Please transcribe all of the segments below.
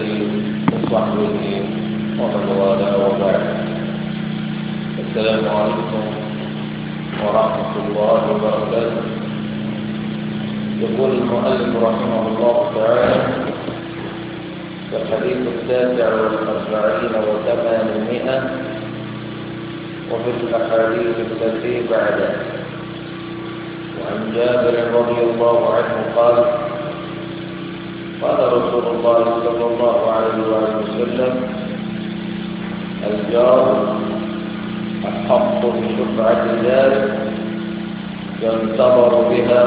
آله وصحبه ومن والاه وبعد السلام عليكم ورحمة الله وبركاته يقول المؤلف رحمه الله تعالى في الحديث التاسع والأربعين وثمانمائة وفي الأحاديث التي بعده وعن جابر رضي الله عنه قال قال رسول الله صلى الله عليه وسلم الجار الحق بشفعة الجار ينتظر بها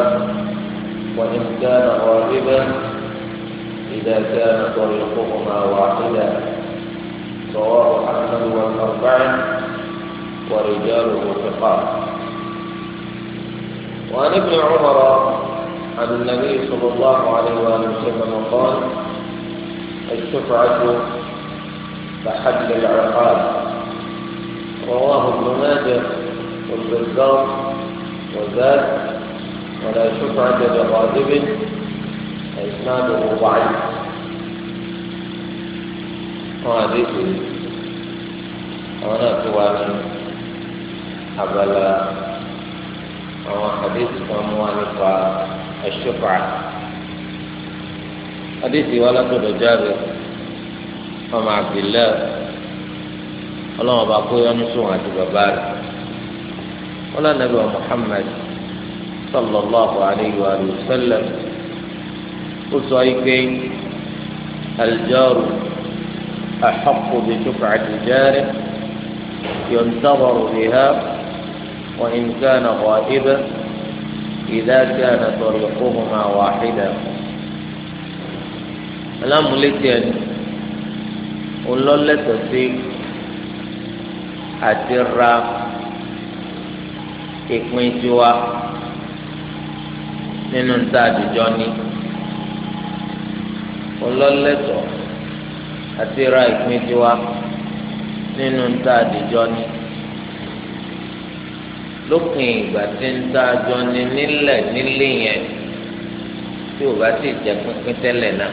وإن كان غالبا إذا كان طريقهما واحدا رواه أحمد والأربعة ورجاله ثقات وعن ابن عمر عن النبي صلى الله عليه وآله وسلم قال الشفعة كحد العقاب رواه ابن ماجه والبزار وزاد ولا شفعة لغاضب إسناده ضعيف وهذه أنا توالي حبل أو حديث كم الشفعة حديثي ولد جابر ọmọ abdulẹ ọlọ́wọ́n bá kó yọnu sùn àti bàbá rẹ̀ wọn lànàbí wa muhammed sallallahu alayhi wa sallam ó sọ ike aljaru axaqu bi shufcati jaare yontabaru biha wa in kana ghaiba. إذا كان طريقهما واحدا alámúlétí ẹni ńlọlẹtọ sí àti ra ìpín tiwa nínú níta àdìjọ ni ńlọlẹtọ àti ra ìpín tiwa nínú níta àdìjọ ni lópin ìgbà tí ń tá a jọ ní nílẹ̀ nílé yẹn tí ò bá sì jẹ́ pínpín tẹ́lẹ̀ náà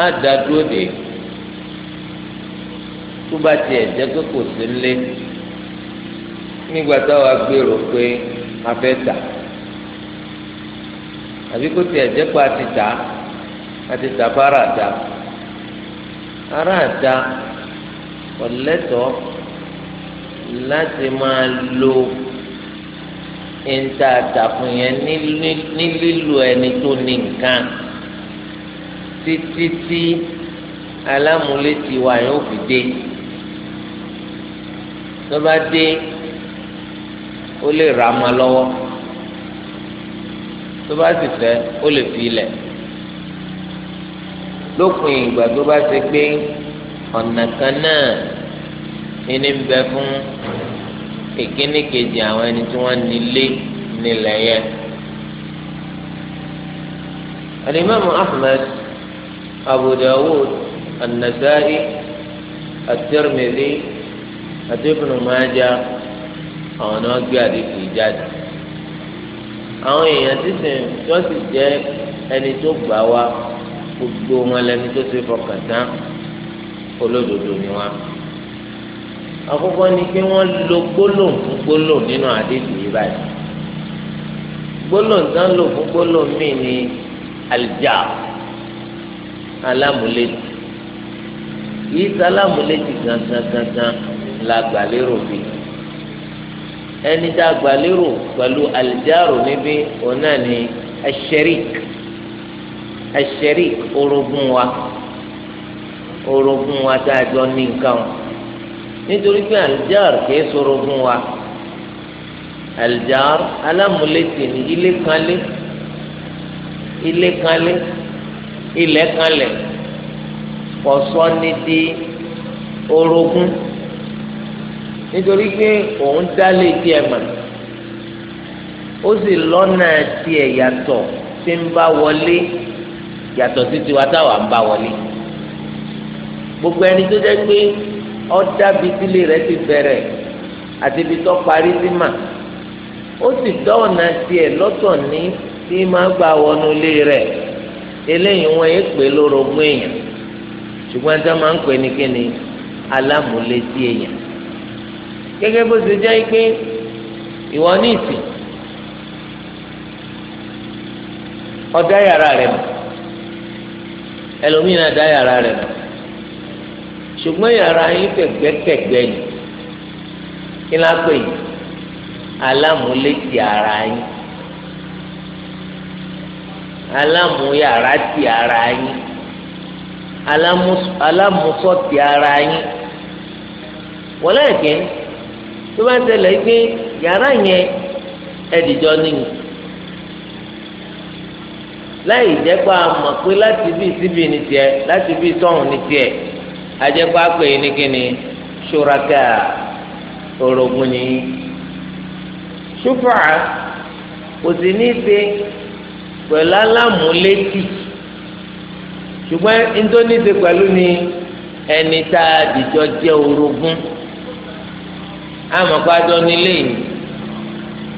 á dá dúró dé tó bá tiẹ̀ jẹ́ pé kò sí nílé nígbà táwa gbèrò pé a fẹ́ tà àbí kó tiẹ̀ jẹ́ pé a ti tà a ti tà fara àta ara àta ọ̀lẹ́tọ̀ọ́ láti máa lo níta àtàkùn yẹn ní lílo ẹni tó ní nǹkan títí tí alámúlétí wa yóò fi dé tó bá dé ó lè rà má lọ́wọ́ tó bá sì fẹ́ ó lè fi ilẹ̀ lópin ìgbà tó bá ti gbé ọ̀nà kan náà ẹni ń bẹ fún ìkíní kejì àwọn ẹni tí wọ́n nílé nílẹ̀ yẹn. alimami ahmed abu dawud anasai atirmidhi àti ibn maja àwọn náà gbé àdìsí jáde àwọn èèyàn sísìn tó sì jẹ ẹni tó gbà wá gbogbo wọn lẹni tó ti fọkàn tán olódodo ni wọn àkọ́kọ́ ni pé wọ́n lo gbólóhùn fún gbólóhùn nínú àdéhùn yìí báyìí gbólóhùn tán lò fún gbólóhùn míì ní àlìjà alámúlétì yìí tá alámúlétì gangan gangan la gbàlérò bíi ẹni tá a gbàlérò pẹ̀lú àlìjárò níbí òun náà ni ẹ̀ṣẹ̀rík ẹ̀ṣẹ̀rík orogún wa orogún wa tá a jọ ní nǹkan o nítorí pé aljar kìí sọ̀rọ̀ fún wa aljar alámúlétì ní ilé kanlé ilé kanlé ilẹ̀ kanlẹ̀ kọ̀sọ́ ní di orogún nítorí pé òun dálé tiẹ̀ mà ó sì lọ́nà tiẹ̀ yàtọ̀ tí ń bá wọlé yàtọ̀ sí tiwa táwa ń bá wọlé gbogbo ẹni tó jẹ́ pé. ọdá bitile rẹ̀ ti bẹ̀rẹ̀ àti bitọ parí sí ma ó sì dá ọ̀nà tiẹ̀ lọ́tọ̀ ní máa gba wọnú ilé rẹ̀ eléyìí wọn yé pé lórogún èèyàn ṣùgbọ́n tá máa ń pè ní kíni alámúlétí èèyàn gẹ́gẹ́ bó ṣe jẹ́ pé ìwọ ní ìsìn yàrá ẹlòmíràn dá ṣùgbọ́n yàrá yín kẹ̀gbẹ́kẹ̀gbẹ́ ni kí ló pè yín alámúlétì ara yín alámúyàrá ti ara yín alámúsọ̀tì ara yín wọ́n lẹ́ẹ̀kẹ́ tó bá tẹ̀lé pé yàrá yẹn ẹ̀dìjọ́ nìyí láì jẹ́ pé a mọ̀ pé láti bí síbi ni tiẹ̀ láti bí sọ́hùn ni tiẹ̀. ajẹ́pọ̀ àpè yìí ní kíni ṣuraka orogún ni ṣùfàá kò sì ní ṣe pẹ̀lú alámúlétì ṣùgbọ́n nítorí ṣe pẹ̀lú ni ẹni tá a dìjọ jẹ́ orogún àmọ̀pájọ nílé yìí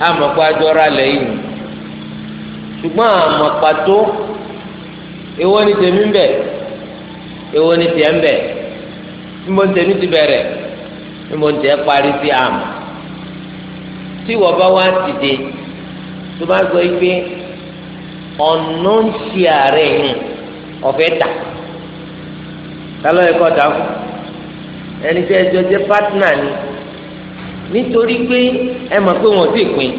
àmọ̀pájọ ralẹ̀ yìí ṣùgbọ́n ni tèmi ń ni tèmi ń níbo ń tẹ̀mí ti bẹ̀rẹ̀ níbo ń tẹ̀ parí sí àmà tí wọ́n bá wá dìde tó bá gbọ́ pé ọ̀nà ń ṣe ààrẹ yìí ọ̀fẹ́ tà kálọ̀ ẹ̀kọ́ ta fún ẹni tí ẹjọ́ jẹ́ pátínà ni nítorí pé ẹ mọ̀ pé wọ́n sì pin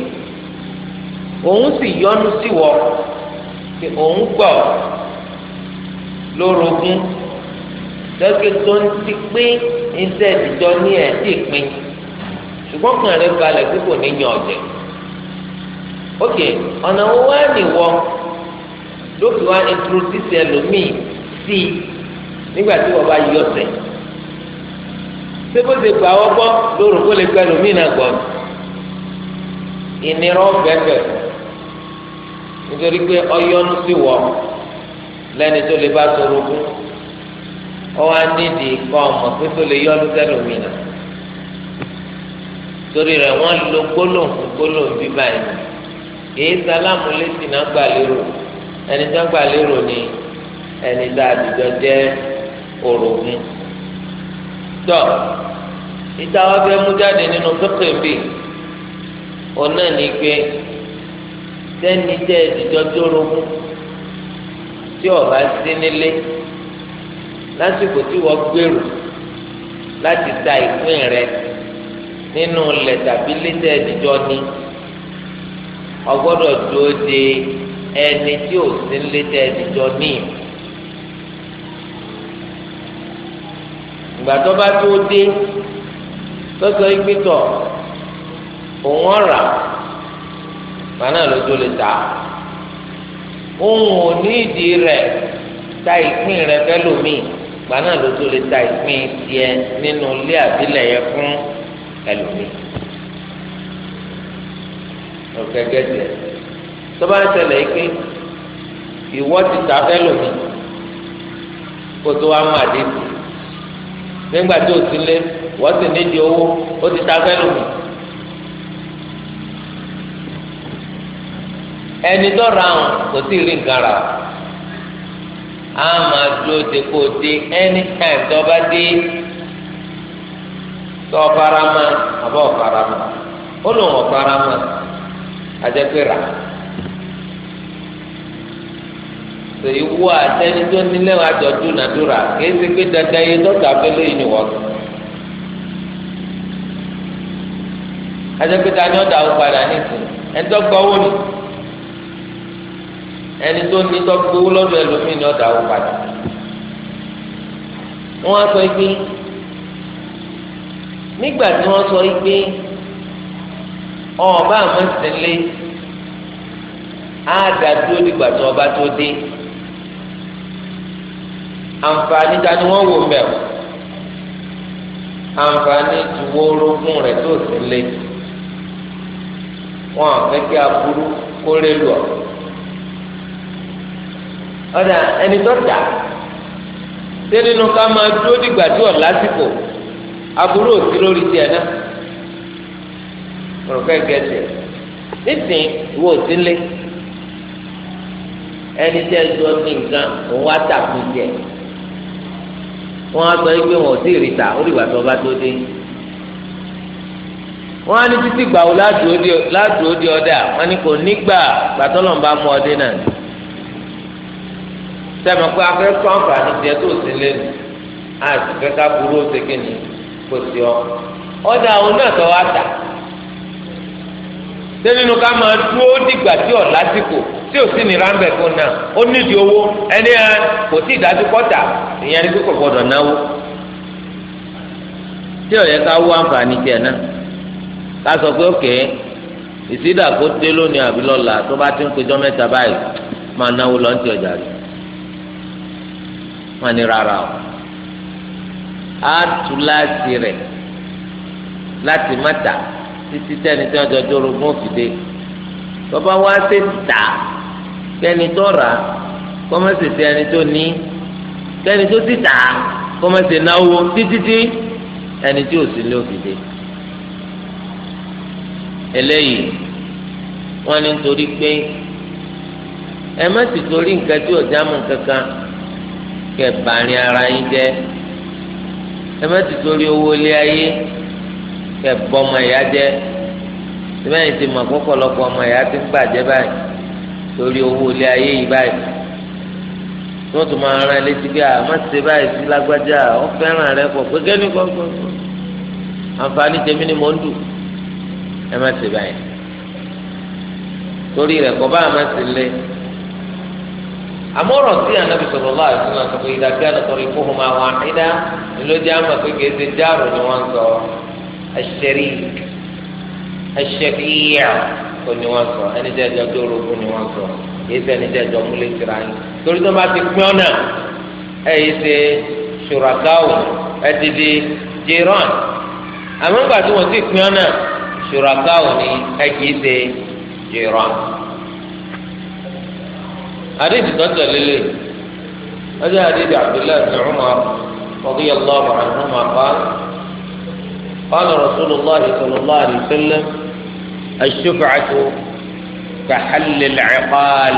òun sì yọnu sí wọ pé òun gbọ́ lórogún lọ́kẹ́ tó ń ti pé iṣẹ́ ìdíjọ ní ẹ̀ ti pín ṣùgbọ́n kan rẹ̀ balẹ̀ tí kò ní yan ọ̀jẹ̀ ok ọ̀nà wo wá nìwọ ló fi wá introduce ẹlòmíì sí i nígbà tí wọ́n bá yí ọ̀sẹ̀ sébóse gbà wọ́n gbọ́ lóru kó lè gba ẹlòmíì náà gbọ́ ìnira ọ̀bẹ̀bẹ̀ nítorí pé ọyọ́nu sí wọ lẹ́ni tó lè bá sọ̀rọ̀ fún un. Ọwa anídìí dị, ọmọ pé lè yọ ọdún tẹ́lẹ̀ omi torí lo gbólóhùn gbólóhùn bí báyìí èyí létí náà gbà lérò ẹni ni ẹni tó àdìjọ jẹ́ orogún tọ́ ìta wọn mú jáde nínú pẹ́pẹ́ bíi ọ̀nà ní pé sẹ́ni tó tí lásìkò tí wọ́n gbèrò láti ta ìpín rẹ nínú ilẹ̀ tàbí lẹ́tẹ̀ ìdíjọ́ ni ọgbọ́dọ̀ dúró de ẹni tí ò sí lẹ́tẹ̀ ìdíjọ́ ní. ìgbà tó bá tó dé tọ́sọ ìpìtọ̀ òun ọ̀rà gbaná ló tó lè ta òun ò ní ìdí rẹ̀ ta ìpín rẹ fẹ́ lómìn ìgbà náà ló tó lè ta ìpín tiẹ̀ nínú ilé àbílẹ̀ yẹn fún ẹlòmíì ọ̀kẹ́ gẹ́gẹ́ tó bá ń ṣẹlẹ̀ pé ìwọ ti ta fẹ́ lòmíì kó tó wá máa dé kù nígbà tó o ti lé wọ́n sì nídìí owó ó ti ta fẹ́ ẹni tó ra àwọn kò sí rí nǹkan rà á máa dúró de kó o dé anytime tó bá dé tó farama àbọ̀ farama ó lò wọ́n farama àjẹpẹ́ rà sèyí wú àtẹni tó nílẹ̀ wà jọ dúnadúrà kìí ṣe pé dandan yé dọ́gba abẹ́lé yìí ni wọ́n àjẹpẹ́ ta ni ẹni tó ní tó gbowó lọ́dọ̀ ẹlòmíì ní ọ̀dà ó padà wọ́n á sọ pé nígbà tí wọ́n sọ pé ọba àmọ́sílẹ̀ á dà dúró dìgbà tí ọba tó dé àǹfààní ta ni wọ́n wò mẹ́wọ̀ àǹfààní ti wó orógún rẹ̀ tó sílẹ̀ wọ́n á fẹ́ kí aburú kórè lọ ọ̀dà ẹni tó dà ṣé nínú ká máa dúró dìgbà tí ọ̀ lásìkò aburú òsì lórí tiẹ̀ náà mo rò pé gẹ̀ẹ́sì nísìnyí ìwọ òsì lé ẹni tí ẹjọ ní nǹkan òun wá tàkùn jẹ wọn á sọ pé wọn ò tí ì rí ta ó rí ìgbà tó bá tó dé wọn á ní títí gbàù ládùúgbò di ọdẹ àwọn ni kò ní gbà gbàtọ́ lọ́nba mú ọdẹ náà ni. sẹ́mi pé afẹ́ tó àǹfààní tiẹ̀ tó sí lẹ́nu àti kẹ́kẹ́ burú ọ̀sẹ̀ kìíní kò sí ọ. ọ̀dà àwọn náà tọ́ wa tà ṣé nínú ká máa dúró dìgbà tí ọ̀ lásìkò tí ò sí ní rámbẹ̀ fún náà ó nídìí owó ẹni hàn kò tí ì dájú kọ́tà ìyẹn ni kò gbọdọ̀ náwó. tí ó ká àǹfààní tiẹ̀ náà ká sọ pé òkè ìsídà kó dé lónìí àbí lọ́la tó bá ti ń báyìí máa náwó lọ́ntì rẹ̀ wọn ni rárá o àtú láti rẹ̀ láti má tà títí tẹ́ni tí wọ́n jọ dórogún òfìdé bàbá wa ṣe tà kẹ́ni tó rà kọ́mẹ́sì sí ẹni tó ní kẹ́ni tó sì tà kọ́mẹ́sì náwó títítí ẹni tí ò sí ní òfìdé eléyìí wọ́n ní nítorí pé ẹ má sì torí nǹkan tí ò já mọ́ kankan kẹ bàárín ara yín jẹ́ ẹ má ti torí owó ilé ayé kẹ bọmọ ìyá jẹ́ sìmẹ́yìn ti mọ̀ pọ̀pọ̀lọpọ̀ ọmọ ìyá ti ń gbàjẹ́ báyìí torí owó ilé ayé yìí báyìí wọ́n tún máa rán létí bí a má ṣe báyìí sí lágbájá ó fẹ́ràn rẹ pọ̀ gbégé ní kọ́kọ́ àǹfààní tèmi ni mò ń dù ẹ má ṣe báyìí torí rẹ̀ kọ́ bá a ṣe lé àmọ́rọ̀ sí anabi sallallahu alaihi wasallam àtúntò ìdàgbé àtọ̀rọ̀ ìfowó máa wà nídá ńlọ́jà àmọ̀ pé kìí ṣe jáàrò ni wọ́n sọ ẹ̀ṣẹ̀rí ẹ̀ṣẹ̀fìyà kò ní wọ́n sọ ẹni tẹ́ ẹjọ́ tó rogún ni wọ́n sọ kìí ṣe ẹni tẹ́ ẹjọ́ múlẹ̀ tìrà yín torí tó bá ti pín ọ̀nà ẹ̀ yìí ṣe ṣùràkáwò ẹ̀ ti àmọ́ nígbà wọ́n ti pín ọ̀nà ṣùràkáwò ni ẹ̀ kìí ṣe jìrán. àdéhùn tó tẹ̀lé lé ọjọ́ àdéhùn abdullahi bin umar radiyallahu rasulullah sallallahu alayhi wa sallam ash-shuf'atu ka halli al-iqal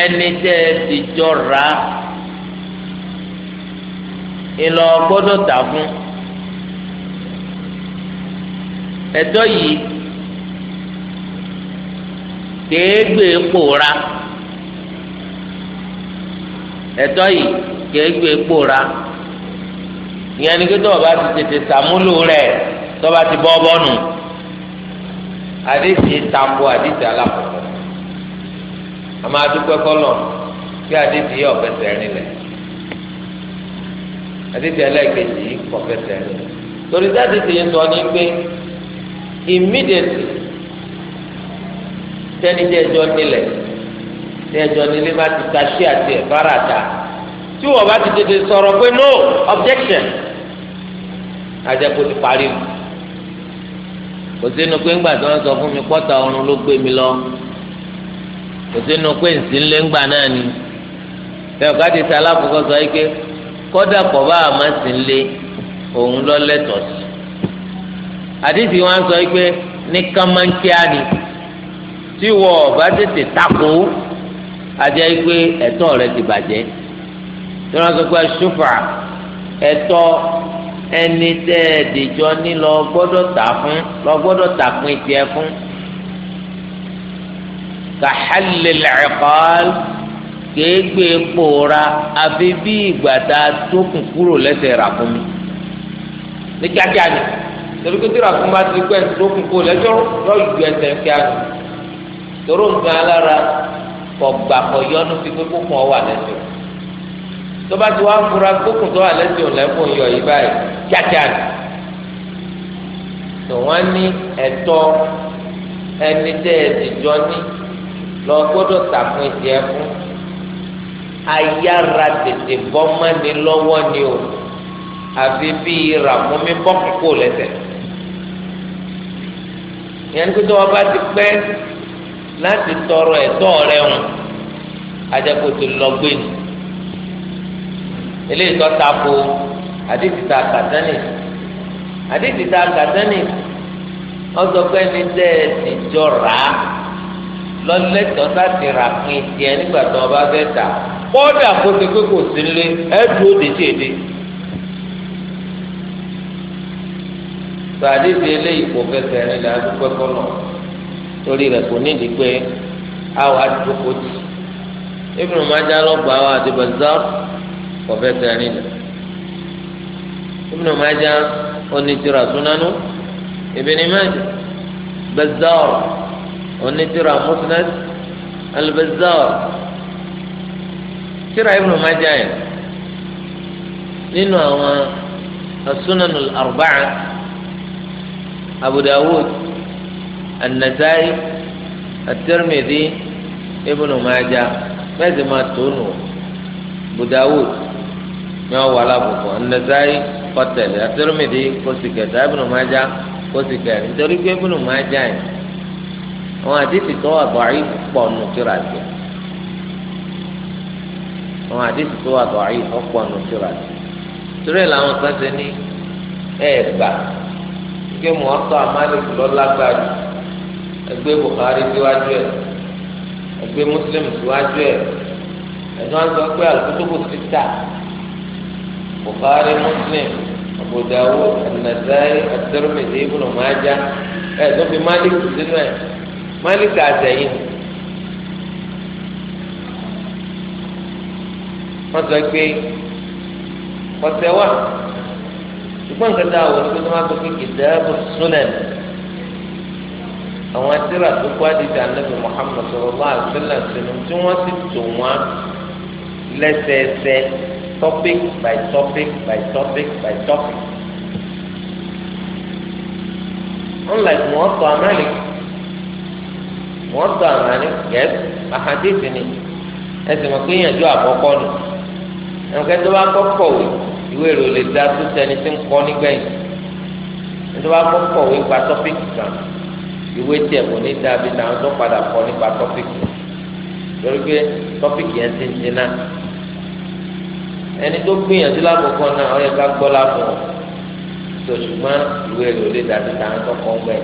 ẹni tẹ́ ti jọ ìlọ tà fún yìí. kéégbé kpòra ẹ̀tọ́ yìí kéégbé kpòra ìyẹn ni kíkọ́ ọba ti tètè sàmúlò rẹ tọba ti bọ́ bọ́nu àdéhìí tako àdéhìí alákọ̀ọ́kọ́ àmọ́ adúpẹ́ kọ́lọ̀ kí àdéhìí yẹ ọ̀fẹ́ sẹ́rin lẹ̀ àdéhìí ẹlẹ́gbẹ̀ẹ́ yìí kọ̀fẹ́ torí sáà sẹ́ni tí ẹjọ́ nílẹ̀ tí ẹjọ́ nílẹ̀ bá ti ta sí àti ẹ̀fárà ta tí wọ́n bá ti tètè sọ̀rọ̀ pé no objection àjẹkù ti parí mu kò sínú pé ńgbà tí wọ́n sọ fún mi pọ́tà ọrùn ló gbé mi lọ kò sínú pé nsínlé ńgbà náà ni bẹ́ẹ̀ ká ti ta alákòókò sọ yìí pé kọ́dà kọ́ bá a má sínlé òun lọ lẹ́tọ̀ọ̀sì àdìsí wọn sọ yìí pé ní kánmọ́nkíá ni tí wọ́n ọba tètè takò ajẹ́ pé ẹ̀tọ́ rẹ ti bàjẹ́ tí wọ́n sọ pé ṣùfà ẹ̀tọ́ ẹni tẹ́ ẹ dìjọ ní lọ gbọ́dọ̀ tà fún lọ gbọ́dọ̀ tà fún ìtìẹ fún kàhálẹ̀ lẹ́ẹ̀kọ́ọ́lù kéégbé kpòòrà àfi bí ìgbà tá a kúrò lẹ́sẹ̀ ràkúnmí ní kíákíá ni torí pé tí ràkúnmí bá ti pẹ́ tókùn kúrò lẹ́sẹ̀ lọ́ọ́ ju ẹsẹ̀ kíá tóró ń gan alára kọgbà kọyọnu fi pé kókun ọwà lẹsẹ tó bá ti wá fura kókun tó wà lẹsẹ òlẹkùn yọ yìí báyìí kíákíá ni tó wọn ní ẹ̀tọ́ ẹni tẹ ẹdìjọ ní lọ gbọ́dọ̀ tàkùn ìdí ẹ fún ayára tètè bọ́mọ́ni lọ́wọ́ ni o àfi bíi ràkúnmí bọ́kùkù lẹ́sẹ̀ yẹn ní kótó wọn bá ti pẹ́ láti tọrọ ẹ̀tọ́ rẹ̀ hùn ajakoto lọgbẹ ni eléyìí tó tako àdìsíta kàtánì àdìsíta kàtánì ọsọgbẹni tẹ ẹ ti jọ rà á lọlẹtọ láti rà pin tiẹ̀ nígbà tó o bá fẹ́ tà kódà kó ti pé kò sí nílé ẹ dúró dèjì èdè. sọ àdìsí eléyìí kò fẹsẹ̀ rìn lẹ́yìn adúpẹ́ kọ́nà torí rẹ̀ kò nídìí pé àwọn àdúgbò tì Ibn Majah lọ́gbà àwọn àdìbàzá kọ̀fẹ́ tẹ̀rín lẹ̀ Ibn Majah onítìrà súnánú Ibn Majah Bazzar onítìrà Musnad al-Bazzar tírà Ibn Majah yẹn nínú àwọn asúnánú al-arba'a Abu An-Nasa'i At-Tirmidhi Ibn Majah mẹ́sì máa tó nù Abu Dawud ní ọ̀wọ́ alábùkù An-Nasa'i kọtẹ̀lẹ̀ At-Tirmidhi kó sì kẹta Ibn Majah kó sì kẹrin nítorí pé Ibn Majah yìí àwọn àdìsí tó wà bọ̀ọ̀rì pọ̀ nù kíra jẹ àwọn àdìsí tó wà bọ̀ọ̀rì ọ̀pọ̀ nù kíra jẹ torí ẹ̀ làwọn kan ṣe ní ẹ̀ẹ́gbà kí mo ọ̀tọ̀ àmàlẹ́kù lọ́lágbájú ẹgbẹ́ Bukhari síwájú ẹ̀ ẹgbẹ́ Muslim síwájú ẹ̀ ẹ̀dùn àti ọgbẹ́ al-kutubu sitta Bukhari Muslim Abu Dawud An-Nasa'i At-Tirmidhi Ibn Majah ẹ̀dùn fi Malik sínú ẹ̀ Malik àtẹ̀yìn. wọ́n sọ pé ọ̀sẹ̀ wà ṣùgbọ́n nǹkan tá a máa sọ pé kìtàbù sunan àwọn àtìrà tó kó àdìsí ànábì Muhammad sallallahu alaihi wasallam tí wọ́n sì tò wọ́n lẹ́sẹẹsẹ topic by topic by topic by topic. unlike mọ́tò àmàlì mọ́tò àmàlì yes àhàdìsí ni ẹsẹ̀ mọ̀ pé ìyànjú àkọ́kọ́ nù ẹnìkan tó bá kọ́kọ́ wò ìwé ìròlè dá tó sẹni tí ń kọ́ nígbẹ̀yìn tó bá kọ́kọ́ wò ipa topic kan. ìwé tẹ̀ kò ní dàbí táwọn tó padà kọ nípa tọ́pìkì torí pé tọ́pìkì yẹn ti ń jiná ẹni tó gbìyànjú lákòókò náà ọ̀yẹ́ ká gbọ́ lábọ̀ tó ìwé rẹ̀ ò lè dàbí táwọn tó kọ́ gbẹ̀.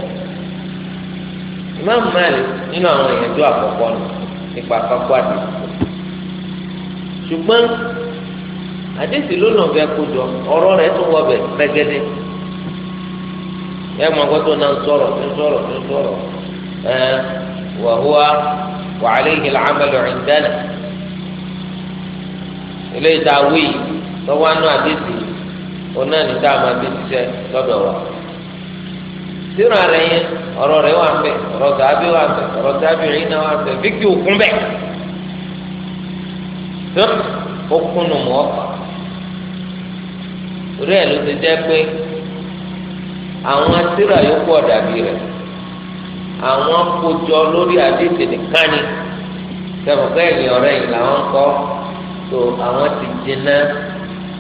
ìmáàmù Málíkì nínú àwọn èèyàn tó àkọ́kọ́ nù nípa kápọ́ àdìsí ṣùgbọ́n àdìsí ọ̀bẹ ẹ mọ na náà sọ̀rọ̀ tó sọ̀rọ̀ tó sọ̀rọ̀ ẹ wà hùwà wà alayhi al-amalu ilé ìta lọ́wọ́ àánú àdéhùn oná ní tá a lọ́dọ̀ wa síra rẹ yẹn ọ̀rọ̀ rẹ wà mbẹ ọ̀rọ̀ sàbí wà mbẹ ọ̀rọ̀ sàbí rẹ wà mbẹ fíkì òkun bẹ tó nù mọ́ ló ti jẹ́ àwọn asíra yòókù ọ̀dàbí rẹ̀ àwọn akójọ lórí adéṣe nìkan ni kẹfọ̀kẹ́ ẹ̀yìn ọ̀rẹ́ yìí làwọn ń kọ́ tó àwọn ti jiná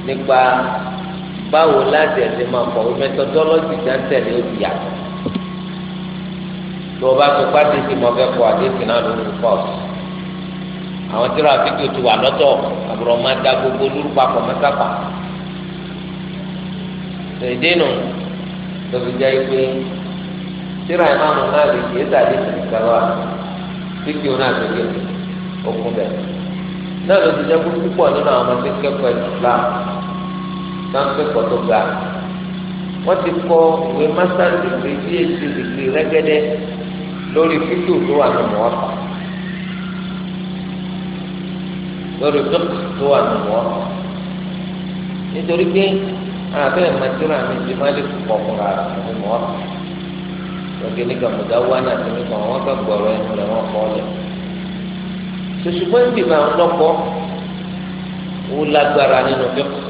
nípa báwo láti ẹ̀sìn máa kọ̀ wí mẹtọdọ́lọ́jì jáńtẹ̀lé ó ti yàtọ̀ tó o bá fi pàdé sí mọ́ fẹ́ kọ́ adéṣe náà lórí kọ́ọ̀sì àwọn tíra fídíò ti wà lọ́tọ̀ àbúrò máa da gbogbo lórúkọ àpọ̀ mẹ́tàpá So, lóbi jẹ́ pé síra ìmáàmù náà lè kí ésàdé nìkan wà fíkì òun náà lókè òkun bẹ̀. náà ló ti jẹ́ pé púpọ̀ nínú àwọn ọmọdé kẹ́kọ̀ọ́ Islam náà ń kẹ́kọ̀ọ́ tó ga. wọ́n ti kọ ìwé masters degree phd degree rẹ́gẹ́dẹ́ lórí fíkì tó wà nínú ọ̀fà. lórí fíkì tó wà nínú ọ̀fà. nítorí pé abẹ́ mẹtírà mi ti má lè kọ̀ fúnra mi mọ́ lọ́gẹ́ nígbà mọ̀dá wá náà ti mi kàn wọ́n kà gbọ̀rọ̀ ẹnu rẹ̀ wọ́n kọ́ lẹ̀. sòṣùpọ̀ ń bìbà ń lọ́kọ́ wó lágbára nínú fíkù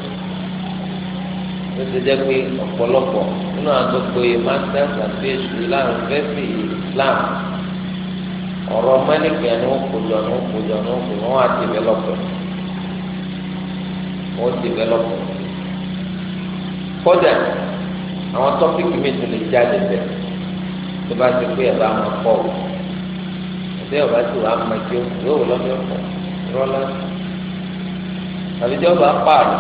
ló ti jẹ́ pé ọ̀pọ̀lọpọ̀ nínú àgbẹ̀pẹ̀ masters and phd láàrin fẹ́sì islam ọ̀rọ̀ mẹ́lìkì ẹ̀ ní wọ́n kó jọ ní wọ́n kó jọ ní wọ́n kó wọ́n á develop wọ́n develop kódà àwọn tọ́pìkì mi tún lè jáde bẹ̀ tó bá ti pé ẹ̀bá máa kọ́ o ẹ̀bá ọ̀bá ti wà á máa jẹ́ o yóò wò lọ́dọ̀ ọ̀pọ̀ rọ́lá àbí tí ọba pààrọ̀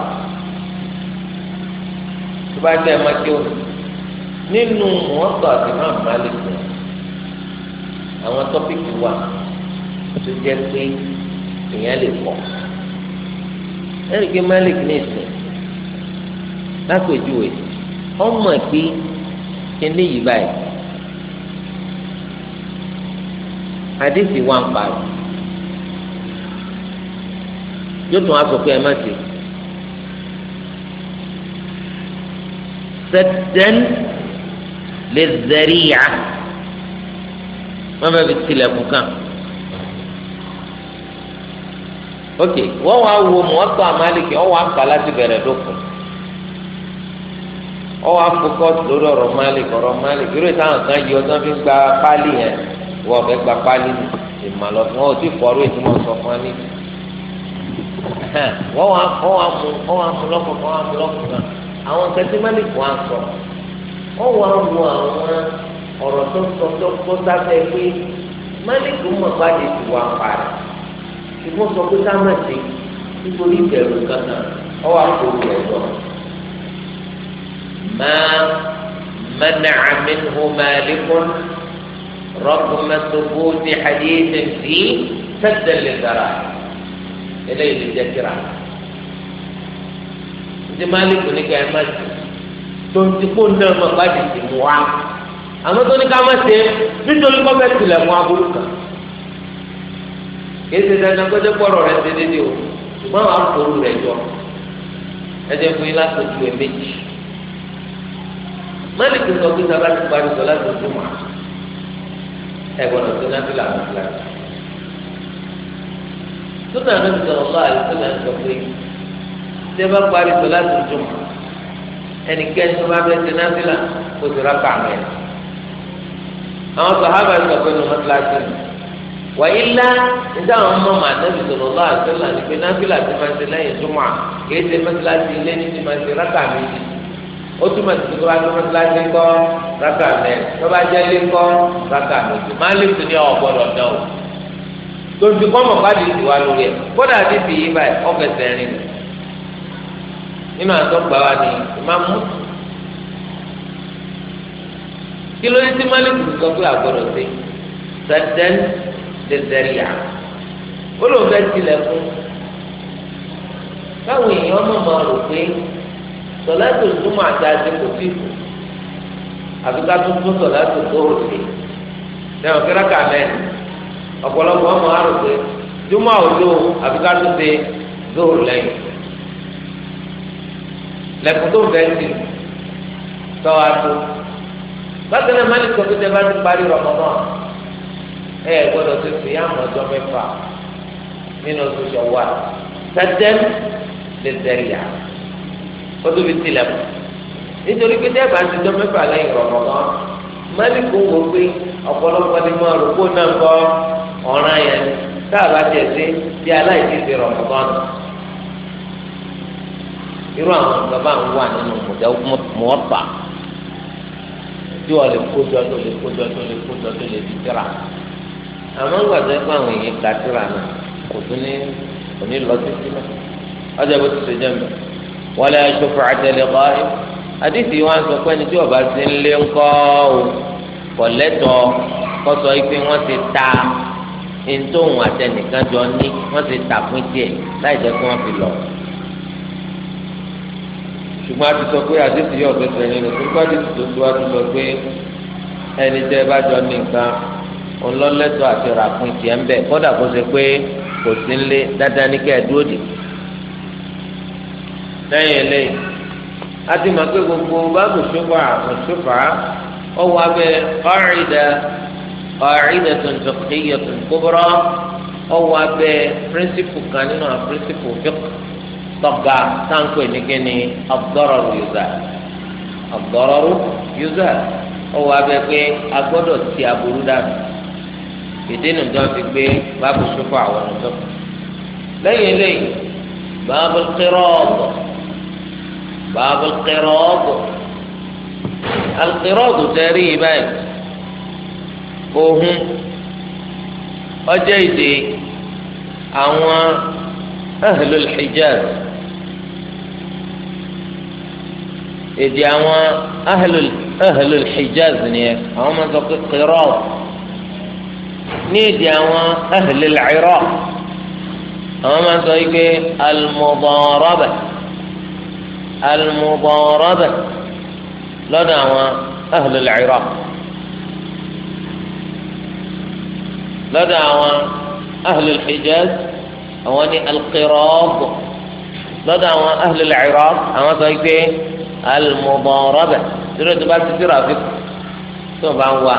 tó bá jẹ́ ẹ̀ máa jẹ́ o nínú mọ́tò àti máa má lè fún àwọn tọ́pìkì wà tó jẹ́ pé èèyàn lè kọ́ ẹ̀rì kí má lè gbé ìsìn lápèjúwe ọmọ pé kíní yìí báyìí àdéhìí wà ń parọ́ yóò tún wá sọ pé ẹ má ṣe sẹdẹn lè zẹrí yá wọn bẹ fi tilẹ̀kùn kan ok wọn wá wo mọ ọtọ àmàlìkì ọwọ àǹkà láti bẹ̀rẹ̀ dókun ọwọ́ afọkọ́tù lórí ọ̀rọ̀ malik ọ̀rọ̀ malik irú ìtàn kan yìí ọtọ́ fi gba pálí yẹn wọ́n ọ̀fẹ́ gba pálí ni ìmọ̀lọ́ fún wọn ò tí fọ́ọ́rọ́ ètò wọn sọ fún wọn ní. wọ́n wá mú wọ́n wá mú lọ́kọ̀ wọ́n wá mú lọ́kọ̀ kan àwọn nǹkan tí malik wọn sọ wọ́n wá mú àwọn ọ̀rọ̀ tó sọ tó sábẹ́ pé malik mọ̀ bá lè tù wá ṣùgbọ́n sọ pé sáà nítorí ìbẹ̀rù kankan ọwọ́ àpò ìbẹ̀rù ما منع منه مالك رغم ثبوت حديث فيه سدا للذرائع eléyìí lè jẹ kíra ndé máàlìkù ní ká ẹ má ti tó ń dikó náà má bá di ti wá àmọ́ tó ní ká má ti nítorí kọ́ bẹ́ẹ̀ tilẹ̀ mú aburú kan kìí ṣe dandan kọjá kpọ́rọ̀ rẹ ti dédé o ṣùgbọ́n àwọn akọ̀rọ̀ rẹ jọ ẹ̀jẹ̀ fún yín láti ojú ẹ̀ méjì mọ́lìkì sọ pé sábà ti parí sọ láti ojú mọ́ ẹ gbọ́dọ̀ tó náà ti là ní fúlàní. sọ́tà náà ti sọ̀rọ̀ lọ́wọ́ àìsílẹ̀ ń sọ pé tẹ́ bá parí sọ láti ojú mọ́ ẹnikẹ́ni tó bá fẹ́ ti náà ti là kó ti rà pàmò ẹ̀. àwọn sàhábà sọ pé ní wọ́n ti láti nù. wà á ilá níta àwọn ọmọ màá tẹ́bi sọ̀rọ̀ lọ́wọ́ àìsílẹ̀ ní pé náà ti ti máa ti lẹ́yìn jùmọ̀ ó túmọ̀ sí tó bá tó mọ́tíláṣí kọ́ rákà mẹ́ tó bá jẹ́ lé kọ́ rákà méjì máa lè tún ní ọ̀gbọ́dọ̀ náà o lórí kọ́mọ̀ káàdì ti wá lórí ẹ̀ kódà ti fi yí báyìí ọ̀fẹ̀sẹ̀ rìn nínú àtọ́gbà wa ni ìmáàmù kí ló dé tí málìkù sọ pé àgbọ̀dọ̀ sí sẹ́tẹ́n lè ó lóun fẹ́ tilẹ̀ fún báwo èèyàn mọ̀ máa rò pé sọláàtò ìdúmọ̀ àti àdínkù tí kù àti ká tó tó sọláàtò tóhùn sí lẹ́yìn kíráka mẹ́rin ọ̀pọ̀lọpọ̀ ọmọ àrùn pé júmọ̀ òdo àti ká tó ṣe tóhùn lẹ́yìn lẹ́kùn tó bẹ́ẹ̀ sí tọ́wọ́ àtó bákan náà máa ń sọ pé tẹ́ bá ti parí rọ̀mọ́mọ́ ẹ gbọ́dọ̀ tó ṣe yá àmọ́ ọjọ́ mẹ́fà nínú oṣù ṣọ̀wá sẹ́tẹ́m lè tẹ̀lé ó tóbi tilẹ̀ mọ́ nítorí pé dẹ́gbà ti dọ́ mẹ́fà lẹ́yìn rọ̀mọ́kọ́ mẹ́lìkù wò pé ọ̀pọ̀lọpọ̀ ni mo rò kó náà kọ́ ọ̀ràn yẹn tá a bá tẹ̀ sí bí aláìsí ti rọ̀mọ́kọ́ nù. irú àwọn nǹkan bá ń wà nínú mọ̀ọ́pà tí wọ́n lè kójọ tó lè kójọ tó lè kójọ tó lè fi tíra. àmọ́ gbàdúrà pé àwọn èèyàn ka tíra náà kò tún ní lọ títí náà ọjọ́ bó ti ṣe jẹ́ mi wala shuf'ata li ghaib àdìsí wa ń sọ pé ẹni tí ọba ti ń lé ńkọ́ o kò lẹ́tọ̀ kó sọ pé wọ́n ti ta ntòhun àtẹnìkan jọ ní wọ́n ti ta pín tiẹ̀ láì jẹ́ kí wọ́n fi lọ. ṣùgbọ́n a ti sọ pé àdìsí yóò fẹsẹ̀ nínú tó kọ́ àdìsí tó tó a ti sọ pé ẹni tẹ́ bá jọ ní nǹkan ọlọ́lẹ́tọ̀ àti ràpín tiẹ̀ ń bẹ̀ kódà kó ṣe pé kò sí ń lé dáadáa ní kẹ́ ẹ dúró dìbò. lẹ́yìn eléyìí a ti pé gbogbo báàbù ṣùfà ṣùfà ọwọ́ abẹ́ ọ̀rìdà ọ̀rìdà tuntun kéye tuntun bọ́rọ̀ ọwọ́ abẹ́ píríncípù kan nínú àwọn píríncípù fíkù tọ́ga táǹkì o ọ̀dọ́rọ̀rù yóò ọ̀dọ́rọ̀rù yóò pé ti aburú dànù ìdínà tó fi gbé báàbù ṣùfà àwọn lẹ́yìn باب القراض القراض تقريبا وهم أجيدي أو أهل الحجاز إذا أو أهل أهل الحجاز هم القراض نيجي أو أهل العراق هم ذلك المضاربة almudaraba lọ́dọ̀ àwọn ahlul Iraq lọ́dọ̀ àwọn ahlul Hijaz àwọn ní alqirab lọ́dọ̀ àwọn ahlul Iraq àwọn sọ pé almudaraba tìrò tó bá ti tìrò àfikún tó o bá ń wà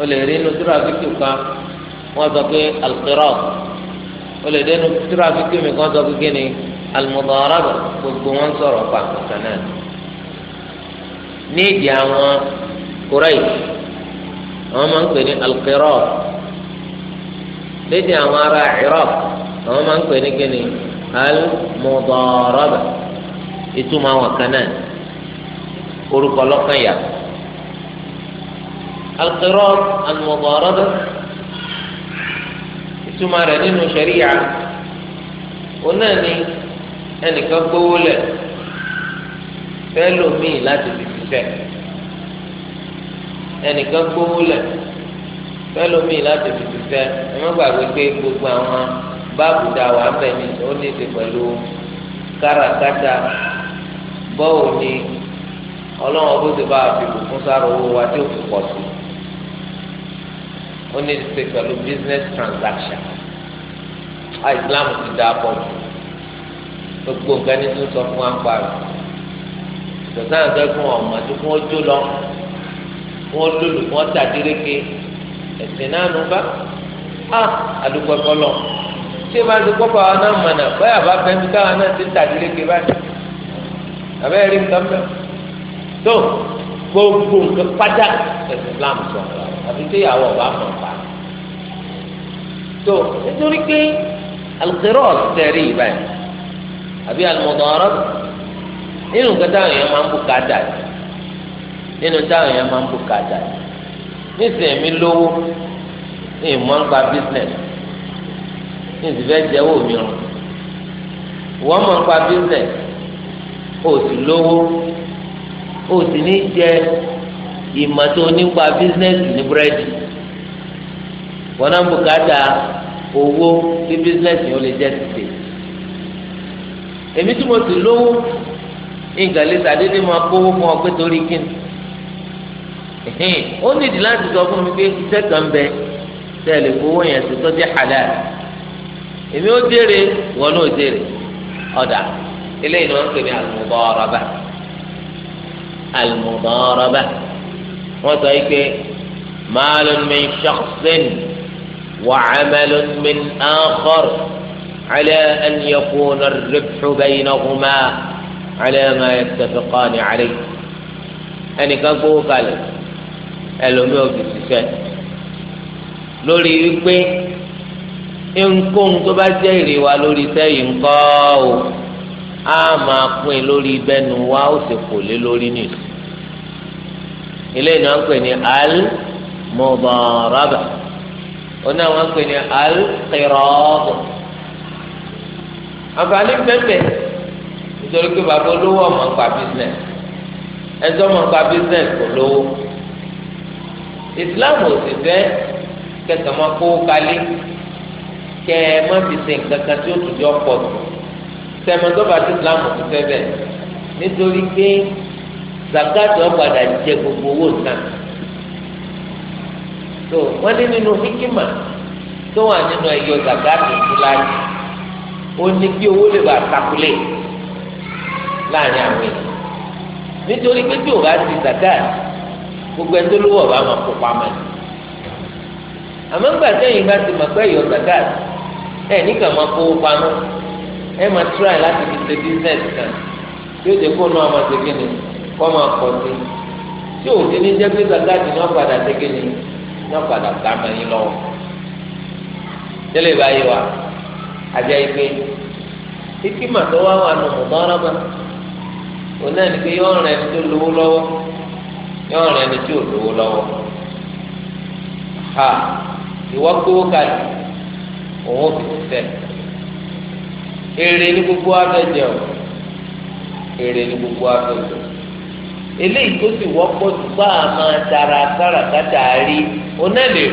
o lè rí inú tìrò àfikún kan wọ́n sọ pé alqirab o lè rí inú tìrò àfikún mi kan sọ pé kí ni almudaraba gbogbo wọn sọ̀rọ̀ pa kankan náà ní ìdí àwọn Quraysh àwọn máa ń pè ní alqirar lédè àwọn ará Iraq àwọn máa ń pè ní kíni almudaraba ìtumọ̀ àwọn kan orúkọ lọ́kàn yà almudaraba ìtumọ̀ rẹ̀ nínú sharia onáà ni ẹnìkan gbówó lẹ̀ fẹ́ lòmíì láti fi ṣiṣẹ́ ẹnìkan gbówó lẹ̀ fẹ́ lòmíì láti fi ṣiṣẹ́ ẹ má gbàgbé pé gbogbo àwọn báàbù tá a wà ń bẹ̀ ni ó ní ti pẹ̀lú káràkátà bọ́ọ̀ ni ọlọ́wọ́n bó ti bá a fi bùkún sára owó wa tí ó fi pọ̀ sí ó ní ti ṣe business transaction islam ti dá a pọ̀ jù gbogbo nǹkan ní tó sọ fún wa ń parọ tọ́sí àwọn tó fún ọmọ tó fún ojú lọ fún olólù fún ọ̀tà dérékè ẹ̀sìn náà nù bá a ah, àdúgbò ẹ̀kọ́ lọ tí ìbá ti kọ́ bá wa náà mọ̀ náà báyà bá fẹ́ mi káwa náà ti ń tà dérékè báyìí àbẹ́rẹ́ rí nǹkan bẹ́ẹ̀ tó gbogbo nǹkan pátá ẹ̀sìn Islam sọ àfi tí ìyàwó ọba mọ̀ pa tó nítorí pé alukẹ́rọ̀ ọ̀sẹ̀ rí báyìí àbí al-mudarab nínú nǹkan táwọn èèyàn máa ń bùkátà nínú táwọn èèyàn máa ń bùkátà nísìnyí mi lówó ní ìmọ̀ ń business ní ìsìfẹ́ jẹ́wọ́ mi rùn wọ́n mọ̀ ń pa business o sì lówó o sì ní jẹ ìmọ̀ tó nípa business ní búrẹ́dì wọ́n náà bùkátà owó tí business yẹn ó lè jẹ́ sí i èmi tí mo sì lówó ìgbàlẹ̀ sàdédé máa kówó fún ọ pé torí kí ni ó nídìí láti sọ fún mi pé iṣẹ́ kan bẹ tẹ́ ẹ lè fowó yẹn sí tọ́jú halal èmi ó jèrè wọn náà jèrè ọ̀dà eléyìí ni wọ́n ń pè ní al-mudaraba wọ́n sọ yìí pé malun min shakhsin wa amalun min akhar. على أن يكون الربح بينهما على ما يتفقان عليه ẹnì kan gbowó kalẹ̀ ẹlòmí òbí ṣiṣẹ́ lórí wípé nkóhun tó bá jẹ́ èrè wa lórí sẹ́yìn ńkọ́ o á máa pín lórí bẹ́nu wa ó sì kò lé lórí nìyí ilé ìnáwó ń pè ní al mudaraba ó náà wọ́n ń pè ní al qirad àǹfààní pẹ́pẹ́ nítorí pé bàbá olówó ọmọ ń pa business ẹjọ́ ọmọ ń pa business kò lówó ìsìláàmù ò sì fẹ́ kẹsàn-án máa kó kálí kẹ ẹ má fi ṣe nǹkan kan tí ó tù jọ tù sẹ́mọ̀tọ́ba tí ìsìláàmù ti fẹ́ bẹ̀ nítorí pé zakat ọ̀padà jẹ gbogbo owó nǹkan tó wọ́n ní nínú hikima tó wà nínú ẹ̀yọ zakat ìsìláàmù ó ní kí owó lè bá takulé láàrin àwọn èèyàn nítorí pé tí o bá ti zakat gbogbo ẹni tó lówó ọba máa kó pamọ́ ẹ̀ àmọ́ ńgbà sẹ́yìn bá ti mọ̀ pé ẹ̀yọ zakat ẹ̀ nígbà máa kówó pamọ́ ẹ̀ máa try láti fi ṣe business kan yóò jẹ́ kó náà máa ṣe kíni kó máa pọ̀ sí tí o ti ní jẹ́ pé zakat ní wọ́n padà ṣe kíni ní wọ́n padà gbà mọ́ ẹ̀yìn báyìí wa. àjẹ́ ìgbé títí mà tó wá wà nù mùdọ́rọ́bà òun náà ní pé yọ ọ̀rẹ́ ẹni tó lówó lọ́wọ́ yọ ha ìwọ́ gbówó kalẹ̀ òun ò fi ṣiṣẹ́ èrè ní gbogbo abẹ́jẹ́ o èrè ní gbogbo abẹ́jẹ́ eléyìí tó sì wọ́pọ̀ tó bá a máa tara káràkátà rí onáàlè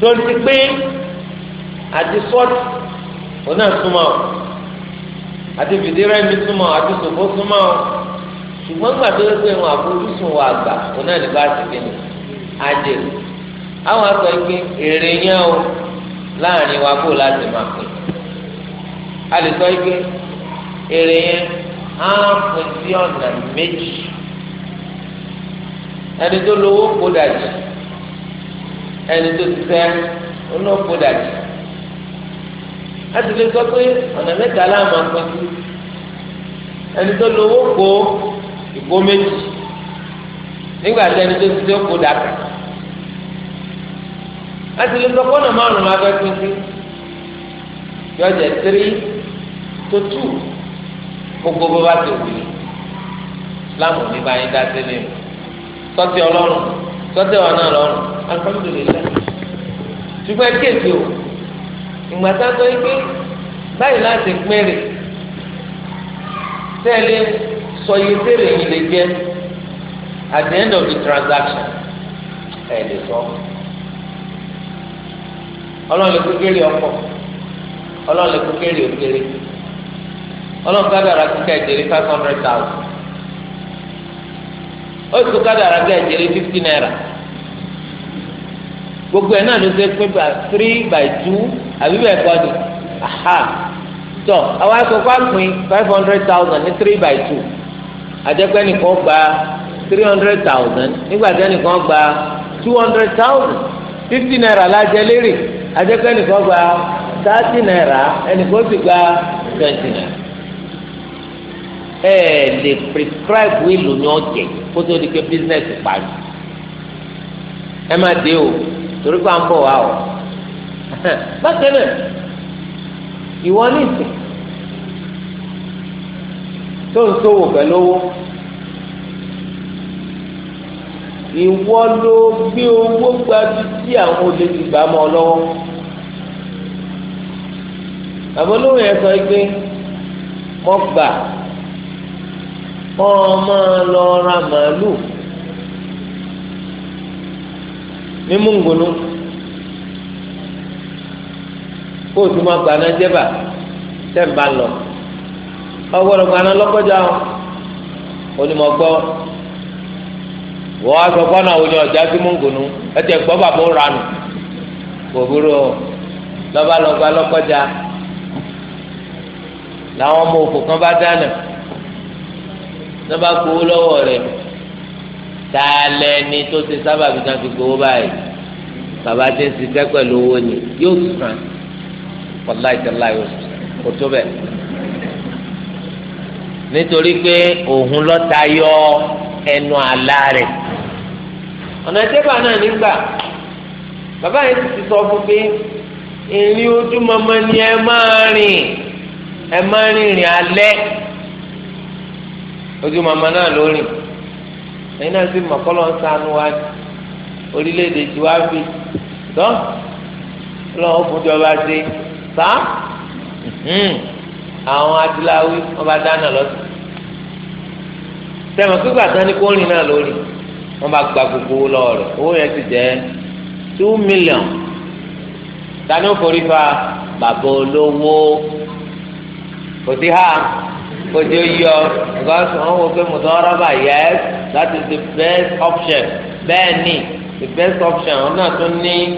tó ti àti sọ́ọ̀tì òun náà súnmọ́ ọ àti fìdírẹ́mi súnmọ́ ọ àti súnmọ́ ọ ṣùgbọ́n gbà tó pé wọn àfojúsùn wà àgbà òun náà nípa àtìgbẹ́ni àjẹ àwọn àgbà yìí èrè yẹn o láàrin wa láti máa pè a lè sọ yìí èrè yẹn á pín sí ọ̀nà méjì ẹni tó lówó kó dàjì ẹni tó ti sẹ́ kó láti lè sọ pé ọ̀nà mẹ́ta láàmú apá ẹni tó lówó kó ìkó méjì nígbà tí ẹni tó ti tó kó dàkà láti lè sọ pé ọ̀nà márùn-ún la fẹ́ pín sí yọjẹ tírí tó tù gbogbo bó bá ti wù láàmú mi bá yín dá sílẹ̀ sọ́tì ọlọ́run sọ́tì ọ̀nà ọlọ́run alhamdulilayi ṣùgbọ́n ẹ kéèké o ìgbà tá a sọ pé báyìí láti péré tẹ́lẹ̀ sọ iye tèrè yìí lè jẹ́ at the end of the transaction ẹ̀ lè sọ ọlọ́run lè kékeré ọkọ̀ ọlọ́run lè kékeré òkèrè ọlọ́run kádàrá kíkà ìjẹ́rẹ́ five hundred thousand ó sì kádàrá kíkà ìjẹ́rẹ́ fifty naira gbogbo ẹ̀ náà ló ṣe pé by three by two àbí bẹ́ẹ̀ kọ́ ni aha tọ àwọn akọkọ àpín five hundred thousand ní three by two àjẹpẹ́ nìkan gba three hundred thousand nígbàjẹ́ nìkan gba two hundred thousand fifty naira lájẹ lérè àjẹpẹ́ nìkan gba thirty naira ẹnìkan sì gba twenty naira ẹ lè prescribe wíìlù ní ọjẹ kó tó di pé business parí ẹ má dé o torí pé ń bọ̀ wá o bákan náà ìwọ ní ìsìn tó ń sòwò pẹ̀lú owó ìwọ ló gbé owó gbajú tí àwọn olè ti gbà mọ́ ọ lọ́wọ́ bàbá olówó yẹn sọ pé mo gbà kọ́ máa lọ ra màálù ní múngòló. kóòtù máa gbaná jẹba tẹnba lọ ọgbọdọ gbaná lọkọjá onímọgbọ wọ́n aṣọ gbọ́nà òjò ọjà sí mọ́ngònú ẹtì ẹ̀gbọ́n bàbá ó ranù kò burú o lọ́ba làwọn ọmọ òkú kan bá dáná lọ́ba lọ́wọ́ rẹ̀ tààlẹ́ ni tó ti sábàbí kan fi gbowó báyìí bàbá ti pẹ̀lú owó ni wàláì tẹ́lá yóò kò tó bẹ̀. nítorí pé òun lọ tayọ ẹnu àlá rẹ̀ ọ̀nà ìjẹ́bà náà nígbà bàbá yẹn ti sọ fún pé ìrìn ojúmọmọ ni ẹ máa rìn ẹ máa rìnrìn alẹ́ ojúmọmọ náà ló rìn ẹ̀yin náà sì mọ̀ ń sanu wa orílẹ̀-èdè tiwa fi tán lọ́wọ́ fún jọba ṣe sá hmm. àwọn adúláwí wọn bá dáná lọ́sùn tẹmọ pípa tán ni kò rìn náà lórí wọn bá gba gbogbo owó owó yẹn ti jẹ two million tani ó forí fa bàbá olówó kò sí ha kò sí oyọ because wọn wò pé mùsọ̀rọ̀bà yes that is the best option bẹ́ẹ̀ ni the best option wọn náà tún ní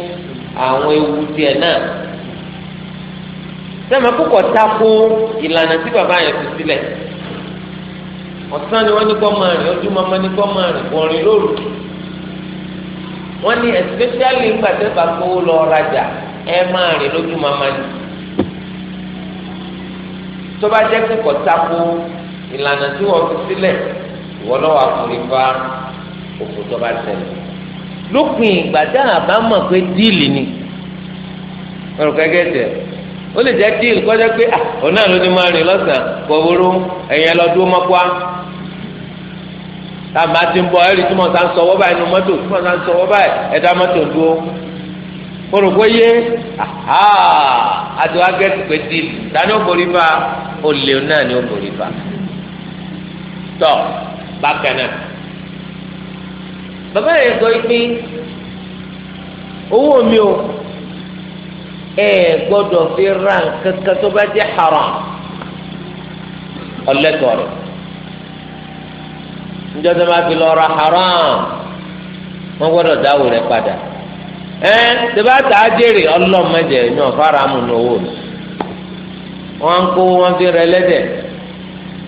àwọn ewu tiẹ̀ náà sẹ́mi akókò tako ìlànà tí bàbá yẹn ti sílẹ̀ ọ̀sán ni wọ́n ní kọ́ máa rìn ojú mọ́mọ́ ní kọ́ máa rìn bọ̀rin lóru wọ́n ní especially ńgbà tẹ́ bá gbowó lọ rajà ẹ máa rìn lójú mọ́mọ́ ni tó bá jẹ́ kókò tako ìlànà tí wọ́n fi sílẹ̀ ìwọ lọ́wọ́ àforífà òfò tó bá tẹ̀lé lópin ìgbà dáhà bá mọ̀ pé díìlì ni ọ̀rọ̀ kẹ́kẹ́ tẹ̀ ó lè jẹ́ díìl kọjá pé à òun náà ló ní máa rìn lọ́sàn-án kọ̀ọ̀rọ̀ ẹ̀yẹn lọ dúró mọ́kúá tàbí àti ń bọ̀ ẹ̀rí tí mo sá ń sọ wọ́ báyìí nu mọ́tò tí mo sá ń sọ wọ́ báyìí ẹ̀dá mọ́tò dúró mo rò pé yé àti wá gẹ́tù pé díìl dání ó borí fa olè náà ni ó borí fa tọ́ bákan náà bàbá yẹn sọ pé owó mi o. ee gbọdọ fi ra nǹkankan tó bá jẹ́ haram ọlẹtọrọ njọdọ máa fi lọ ra haram wọn gbọ́dọ̀ dáwò rẹ padà ẹ tẹbá tà á jèrè ọlọmọdé yàn fáramù lọ́wọ́ mi wọn ń kó wọn fi rẹ lẹdẹ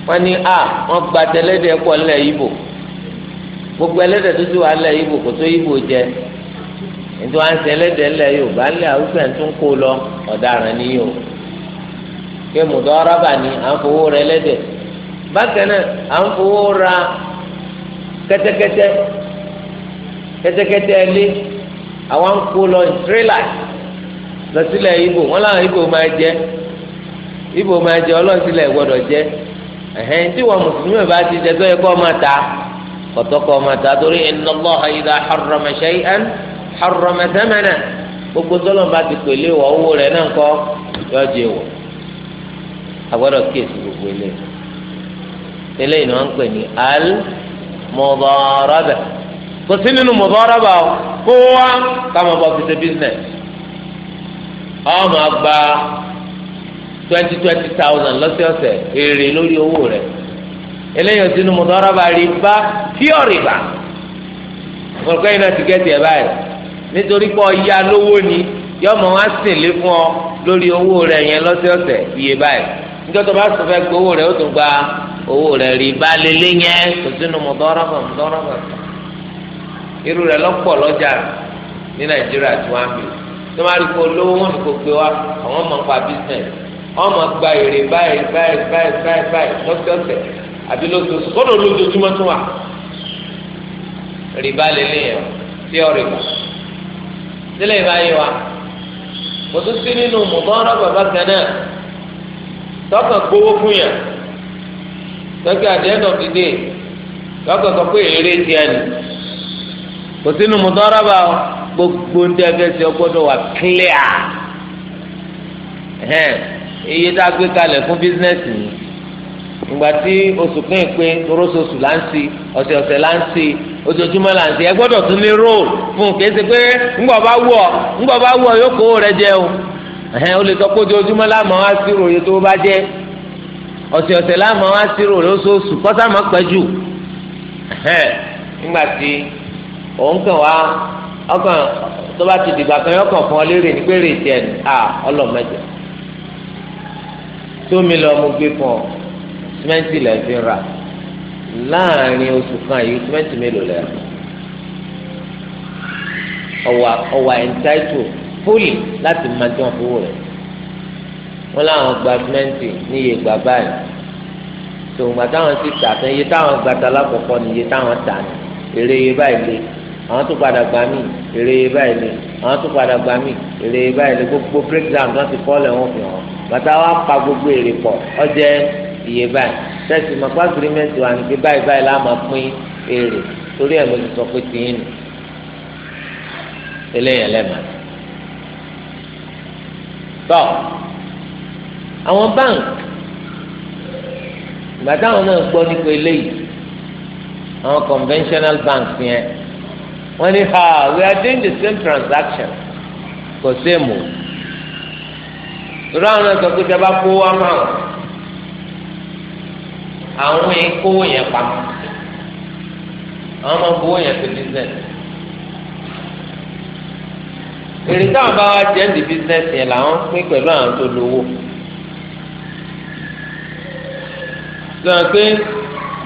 wọn a wọn gba tẹlẹdẹ pọ̀ nílẹ̀ yìí bò gbogbo ẹlẹdẹ tó ti wà yìí bò nítorí wọn ṣe ẹlẹ́dẹ̀ẹ́ lẹ̀ yorùbá lẹ̀ àwùjọ tó kó lọ ọ̀daràn ni yóò pé mùdọ́rọ́bà ni à ń fowó ra ẹlẹ́dẹ̀ bákan náà à ń fowó ra kẹ́tẹ́kẹ́tẹ́ kẹ́tẹ́kẹ́tẹ́ ẹlé àwọn ń kó lọ tírélà lọ ibo wọn làwọn ibo máa jẹ ibo máa jẹ ọlọ́sílẹ̀ gbọ́dọ̀ jẹ ẹ̀hẹ́n tí wọn mùsùlùmí ti jẹ yẹ ma ta ta torí harrama gbogbo tọ́lọ̀ ti pèlè wọ owó rẹ̀ náà kọ yọjú ìwọ̀ agbọ́dọ̀ kíyèsí gbogbo eléyìí eléyìí ni wọ́n ń pè ní al mudaraba kò sí nínú mudaraba o kó wá káwọn bọ́ fi ṣe ọmọ gba twenty twenty thousand èrè lórí owó eléyìí iná ti nítorí pé ọ̀ya lówó ni yọmọ wá sìnlé fún ọ lórí owó rẹ yẹn lọ́sẹ̀ọ̀sẹ̀ iye báyìí nítorí tó bá sọ fẹ́ gbowó rẹ ó tún gba owó rẹ rí bá lélẹ́ yẹn kò sínú mọ̀dọ́rọ́bà mọ̀dọ́rọ́bà irú rẹ lọ́pọ̀ lọ́jà ní nàìjíríà tí wọ́n á bì tó máa rí kó lówó wọn ni kò gbé wa àwọn ọmọ nípa bísíǹsì ọmọ gba èrè báyìí báyìí báyìí báyìí lọ́sẹ̀ọ̀sẹ̀ àbí lóṣooṣù kọ́dọ̀ lójoojúmọ́ tún wà rìbá lélẹ́yìn tí ọ rìbá sílẹ̀ ìbáyé wa mo tún sí nínú mọ̀tọ́rọ́ bàbá kan náà tọkàn gbowó fún yàn at the end of day tọkàn sọ pé èrè tiẹ̀ nì kò sínú mọ̀tọ́rọ́ bá gbogbo ń dẹ́gbẹ́ sí ọgbọ́dọ̀ wà clear iye tá a gbé kalẹ̀ fún yìí ìgbà tí oṣù kan ojoojúmọ́ là ń ṣe ẹ gbọ́dọ̀ tún ní fún un kì í ṣe pé ńgbọ̀ bá wù ọ́ ńgbọ̀ bá wù ọ́ rẹ jẹ o ẹ̀hẹ́n o lè sọ pé ojoojúmọ́ láàmú wá sí ròyìn tó bá jẹ́ ọ̀sẹ̀ ọ̀sẹ̀ láàmú wá sí ròyìn lóṣooṣù kọ́sá máa pẹ́ jù ẹ̀hẹ́n nígbà tí òun kàn wá ọkàn tó bá ti dìgbà kan mi gbé fún ọ láàrin oṣù kan yìí twenty mélòó lẹ́yà ọwà ọwà ẹ̀ńtáìtò fúlì láti máa jọ fowó rẹ̀ wọ́n láwọn gba twenty ní iye gbà báyìí tòǹgbà táwọn ti tà tán iye táwọn gbàtà lákòókò ní iye táwọn tà ní èrè iye báyìí lé àwọn tó padà gbà mí èrè iye báyìí lé àwọn tó padà gbà mí èrè iye báyìí lé gbogbo breakdown tó ti kọ́ lẹ̀ wọ́n fi hàn bàtà wa pa gbogbo èrè pọ̀ ọjẹ́ iye báyìí tẹ̀sí mọ̀ fún agirimẹ́ntì wa ni pé báyìí báyìí láà máa pín èrè torí ẹ̀ ló ti sọ pé tìyín nù eléyìí ẹlẹ́mà tọ́ àwọn báńkì ìgbà táwọn náà gbọ́ nípa eléyìí àwọn conventional banks yẹn wọ́n ní ha we are doing the same transaction for same èmò ìrọ̀ àwọn náà sọ pé tẹ́ kó wá máa àwọn ìkówó yẹn pamọ́ àwọn máa ń kówó yẹn sí bísíǹsì èrè táwọn bá wá jẹ́ ní bísíǹsì yẹn làwọn pín pẹ̀lú àwọn tó lówó sọ̀rọ̀ pé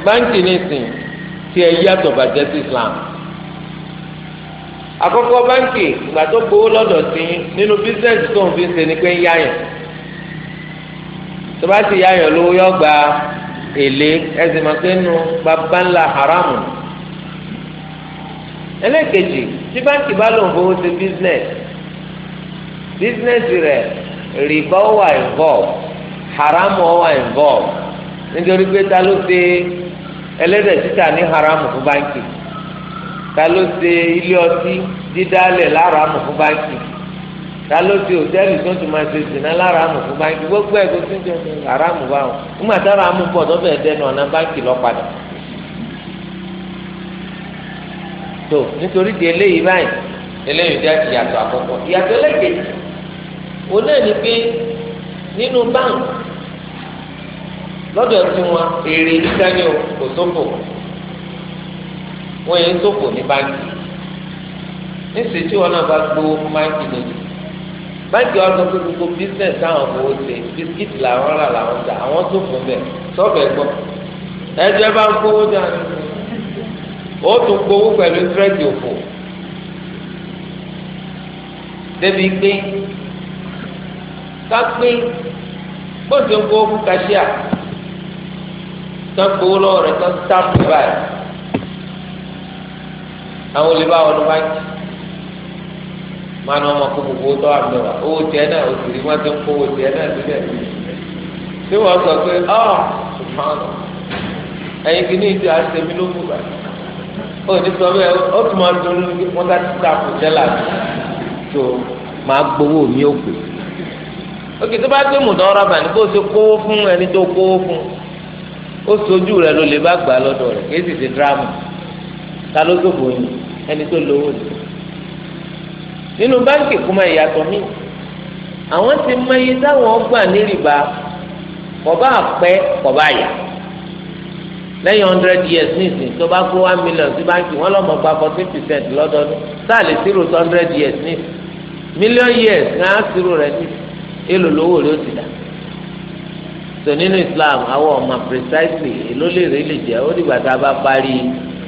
báńkì nìsín tí ẹ yàtọ̀ bàjẹ́ sí Islam àkọ́kọ́ báńkì ìgbà tó gbowó lọ́dọ̀ sí nínú bísíǹsì tó ń fi ṣe ni pé ń yáyàn tó bá sì yáyàn lówó yọ gba èlé ẹsẹ̀ máa pé nu bàbá ńlá haramu ẹlẹ́kejì tí báńkì bá lòun fowó ṣe business business rẹ̀ rìbá ó wà involve haramu ó wà involve nítorí pé ta ló ṣe ẹlẹ́dẹ̀ títà ní haramu fún báńkì ta ló ṣe ilé ọtí dídálẹ̀ láràmù fún báńkì ta ló ti hòtẹ́ẹ̀lì tó ń tún máa ṣe sìnà lára àmù fún báńkì gbogbo ẹ̀ kó tún jẹ́ ara àmù bá wọn nígbà tára àmù pọ̀ tó fẹ́ẹ́ dẹnu ọ̀nà báńkì lọ padà. tó nítorí di eléyìí báyìí eléyìí jẹ́ ìyàtọ̀ àkọ́kọ́ ìyàtọ̀ ẹlẹ́gbẹ̀ẹ́ òun náà ni pé nínú báńkì lọ́dọ̀ tí wọn èrè nígbàgbé kò sófò wọ́n yẹn sófò ní báńkì níṣẹ́ tí wọn náà bá gbó báńkì lójú báńkì ọdún tó gbogbo bísíǹsì táwọn fowó ṣe bisikíìtì làwọn rà làwọn ta àwọn tó fún bẹ sọfẹ gbọ ẹjọ bá ń kówó dání ó tún gbowó pẹ̀lú tírẹ̀dì òfò débi pé kápé gbọ́dọ̀ ń gbowó fún kàṣíà tán gbowó lọ́wọ́ rẹ̀ tán tábìlì báyìí àwọn olè bá wọn lọ báńkì máa ní ọmọ kó gbogbo tọ́ àgbẹ̀ wa owó tiẹ̀ náà oṣù rí wọ́n ti ń kó owó tiẹ̀ náà sílẹ̀ tí wọ́n sọ pé ọ́ ṣùgbọ́n ẹ̀yin kì í ní ìdí àṣẹmí ló mú bàtà ó ní sọ bẹ́ẹ̀ ó tún máa dún ní wọ́n bá ti ta kò tẹ́lá tó máa gbowó mi ò pè ókè tó bá gbé mùtọ́ rọ́bà ní kó o ṣe kówó fún ẹni tó kówó fún ó sojú rẹ ló lè bá gbà lọ́dọ̀ rẹ̀ kí èsì ti dírámù ta ló tó bòyìn ẹni tó lówó ni nínú báńkì kó máa yàtọ̀ mí àwọn ti mọ iye táwọn gbà ní rìbá kọba àpẹ kọba àyà lẹ́yìn hundred years nísìnyí tó bá kó one million sí báńkì wọ́n lọ́mọ gba fourteen percent lọ́dọọdún sáà lè sírò tó hundred years nísìnyí million years ní á sírò rẹ̀ nísìnyí èlò lówó rẹ̀ ó ti dà so nínú Islam àwọn ọmọ precisely èló lè rí lè jẹ́ ó dìgbà tá a bá parí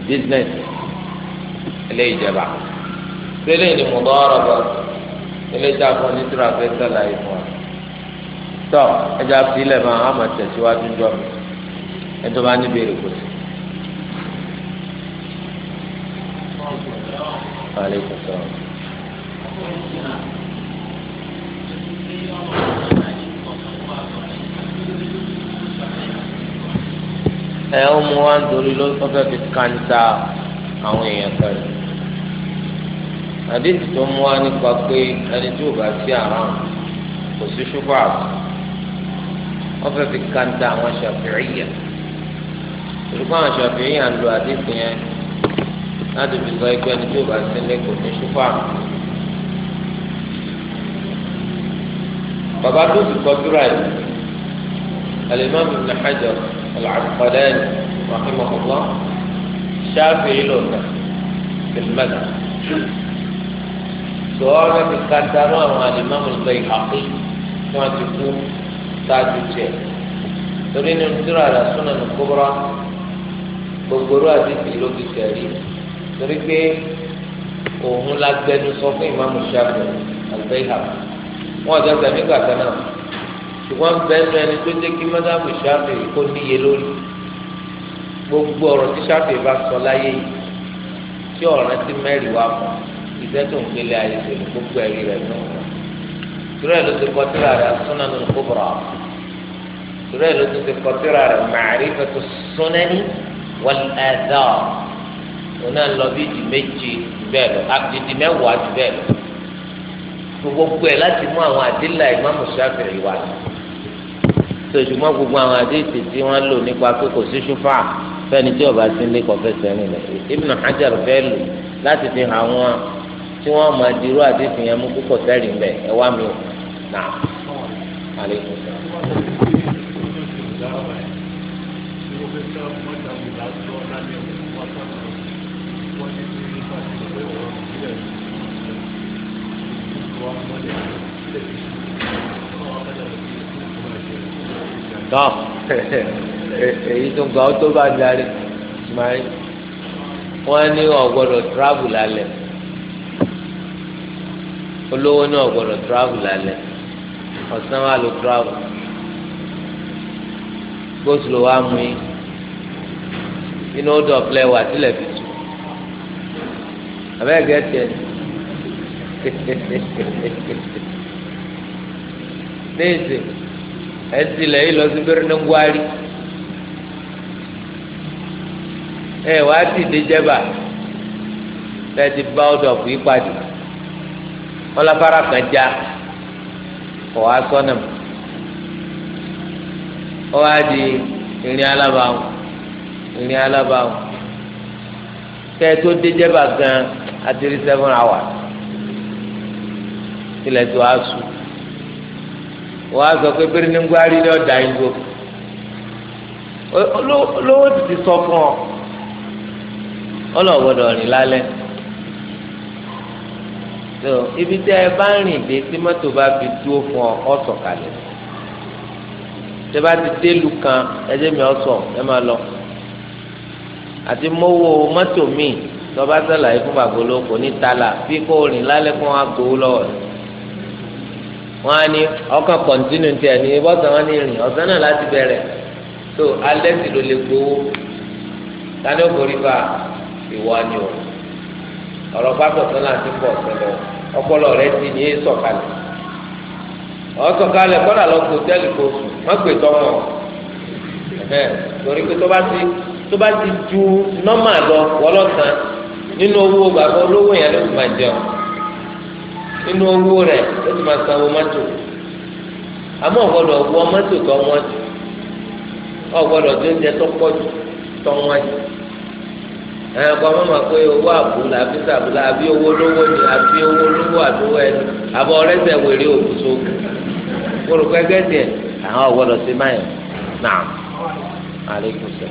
business ilé ìjọba. sẹ́lẹ̀ ni mudaraba eléjà fún nítorí afẹ́sẹ́ láì fún wa. tọ́ ẹja sílẹ̀ máa á máa tẹ̀síwájú jọ mi ẹjọ́ bá ẹ ló fẹ́ fi kanta àwọn èèyàn kan àdéhùn tó mú wa nípa pé ẹni tí ò bá sí àrùn kò sí ṣùgbọ́n àbọ̀ wọ́n fẹ́ fi kanta àwọn Ṣàfi'íyà olùkọ́ àwọn Ṣàfi'íyà ń lo àdéhùn yẹn láti fi sọ ẹgbẹ́ ẹni tí ò bá sí ilé kò sí ṣùgbọ́n àbọ̀. bàbá tó ti kọ́ dúrà yìí Al-Imam Ibn Hajar Al-Asqalani rahimahullah Ṣàfi'í lọ́nà fil-madhhab tòwọ́rọ́ ti ka darú àwọn alimami lọ́yìn àpé tí wọ́n ti kú sáájú tiẹ̀ torí nínú tíra rẹ̀ súnà ní kóbọ́rọ́ gbogbo rú àdìsí ló fi tẹ̀lé torí pé òun la gbẹnu sọ fún ìmáàmù Ṣáfi'í àlùbẹ́yà wọn ọ̀dọ́ tẹ̀mí gbàgbọ́ náà ṣùgbọ́n bẹ́ẹ̀nu ẹni tó jẹ́ kí mọ́tàmù Ṣáfi'í kó níye lórí gbogbo ọ̀rọ̀ tí Ṣáfi'í bá sọ láyé tí ọ̀rẹ́ ìfẹ́ tó ń gbélé ayé tó ní gbogbo ẹ̀rí rẹ̀ nù. Tùrọ̀ ẹ̀ ló ti kọ́ tíra rẹ̀ súnánù kúbọ̀rọ̀. Tùrọ̀ ẹ̀ ló ti ti kọ́ tíra rẹ̀ màrífẹ́tù súnání wọ́n ẹ̀dá. Òun náà lọ bí ìdí méjì bẹ́ẹ̀ lọ, àdìdì mẹ́wàá jù bẹ́ẹ̀ lọ. Gbogbo ẹ̀ láti mú àwọn àdìlà ìmáàmù Ṣáfi'í wà ní. Sòṣùmọ́ gbogbo àwọn àdìsí tí wọ́n lò nípa pé kò sí ṣúfà fẹ́ni tí ọba sí lé kọfẹ́ sẹ́rin rẹ̀. Hajar fẹ́ lò láti fi hàn wọn tí wọ́n máa dirú àdéhùn yẹn mú púpọ̀ sẹ́rì ń bẹ̀ ẹ wá mi ò nà àlékún. tọ́ èyí tó gbà ó tó bá darí wọ́n ní ọ̀gbọ́dọ̀ travel lálẹ́ olówó ní ọ̀gbọ̀dọ̀ travel lálẹ́ ọ̀sán wa ló travel gbóòsù ló wá mú yín inú ó dọ̀pẹ́ wà sílẹ̀ fi tù abẹ́ẹ̀ gẹ́tẹ̀ léèzè ẹtì lẹ́yìn lọ sí bẹ́rẹ̀ ní ngwari ẹ wá ti dé jẹba tẹ́tí bá ọ̀dọ̀ fún yín ọlọ́fàrà kan já kọ̀ wá sọ́nà mọ́ ọ wá di ìrìn alábàáwọ̀ ìrìn alábàáwọ̀ kẹ́ ẹ tó dé jẹ́bà gan àti rí seven hours tilẹ̀ tó a sùn wọ́n á sọ pé Birnin Gwari ni ọ̀dà yín gbó olówó ti sọ fún ọ ọlọ́wọ́dọ̀ rìn lálẹ́ tó ibi tí ẹ bá ń rìn dé tí mọ́tò bá fi dúró fún ọ ọ sọ̀kalẹ̀ tẹ bá ti dé lu kan ẹdẹ mi ọ sọ ẹ máa lọ àti mọ́wó mọ́tò míì lọ́ba sàlàyé fún bàbóló kò ní tala bí kò rìn lálẹ́ fún wa gbowó lọ́wọ́ rẹ̀ wọ́n á ní ọkàn kọ̀ǹtínú tiẹ̀ ní bọ́sàn wọn ní rìn ọ̀sán náà láti bẹ̀rẹ̀ tó alẹ́ sì ló lè gbowó tani ó borí fa ìwọ ni o. ọ̀rọ̀ pápọ̀ tó náà ti pọ̀ ṣẹlẹ̀ ọpọlọ rẹ ti ní sọ̀kalẹ̀ ọ̀sọ̀kalẹ̀ lọ kó tẹ́lì kó sùn má tọ́mọ torí pé tó bá ti ju nọ́mà lọ wọ́lọ́sàn nínú owó bàbá olówó yẹn ló ti máa jẹun nínú owó rẹ ló ti máa mọ́tò àmọ́ ọ̀gbọ́dọ̀ wọ mọ́tò tó wọ́n jù ọ̀gbọ́dọ̀ tó ń jẹ tó pọ̀ jù ẹ kọ́ ọmọ mọ̀ pé owó àbò làbí sàbùlà àbí owó lówó ni àbí owó lówó àdówó ẹni àbọ̀ ọ̀rẹ́sẹ̀ wèrè òkúso kórópẹ́ gẹ́gẹ́ ẹ̀ àwọn ọ̀gbọ́dọ̀ sí báyìí náà àlékún sọ.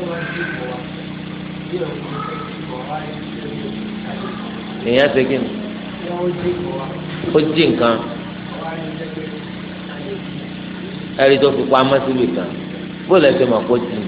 èèyàn ṣe kí ni ó jí nǹkan tó fi pamọ́ kan bó lẹ́sẹ̀ kó jí ni.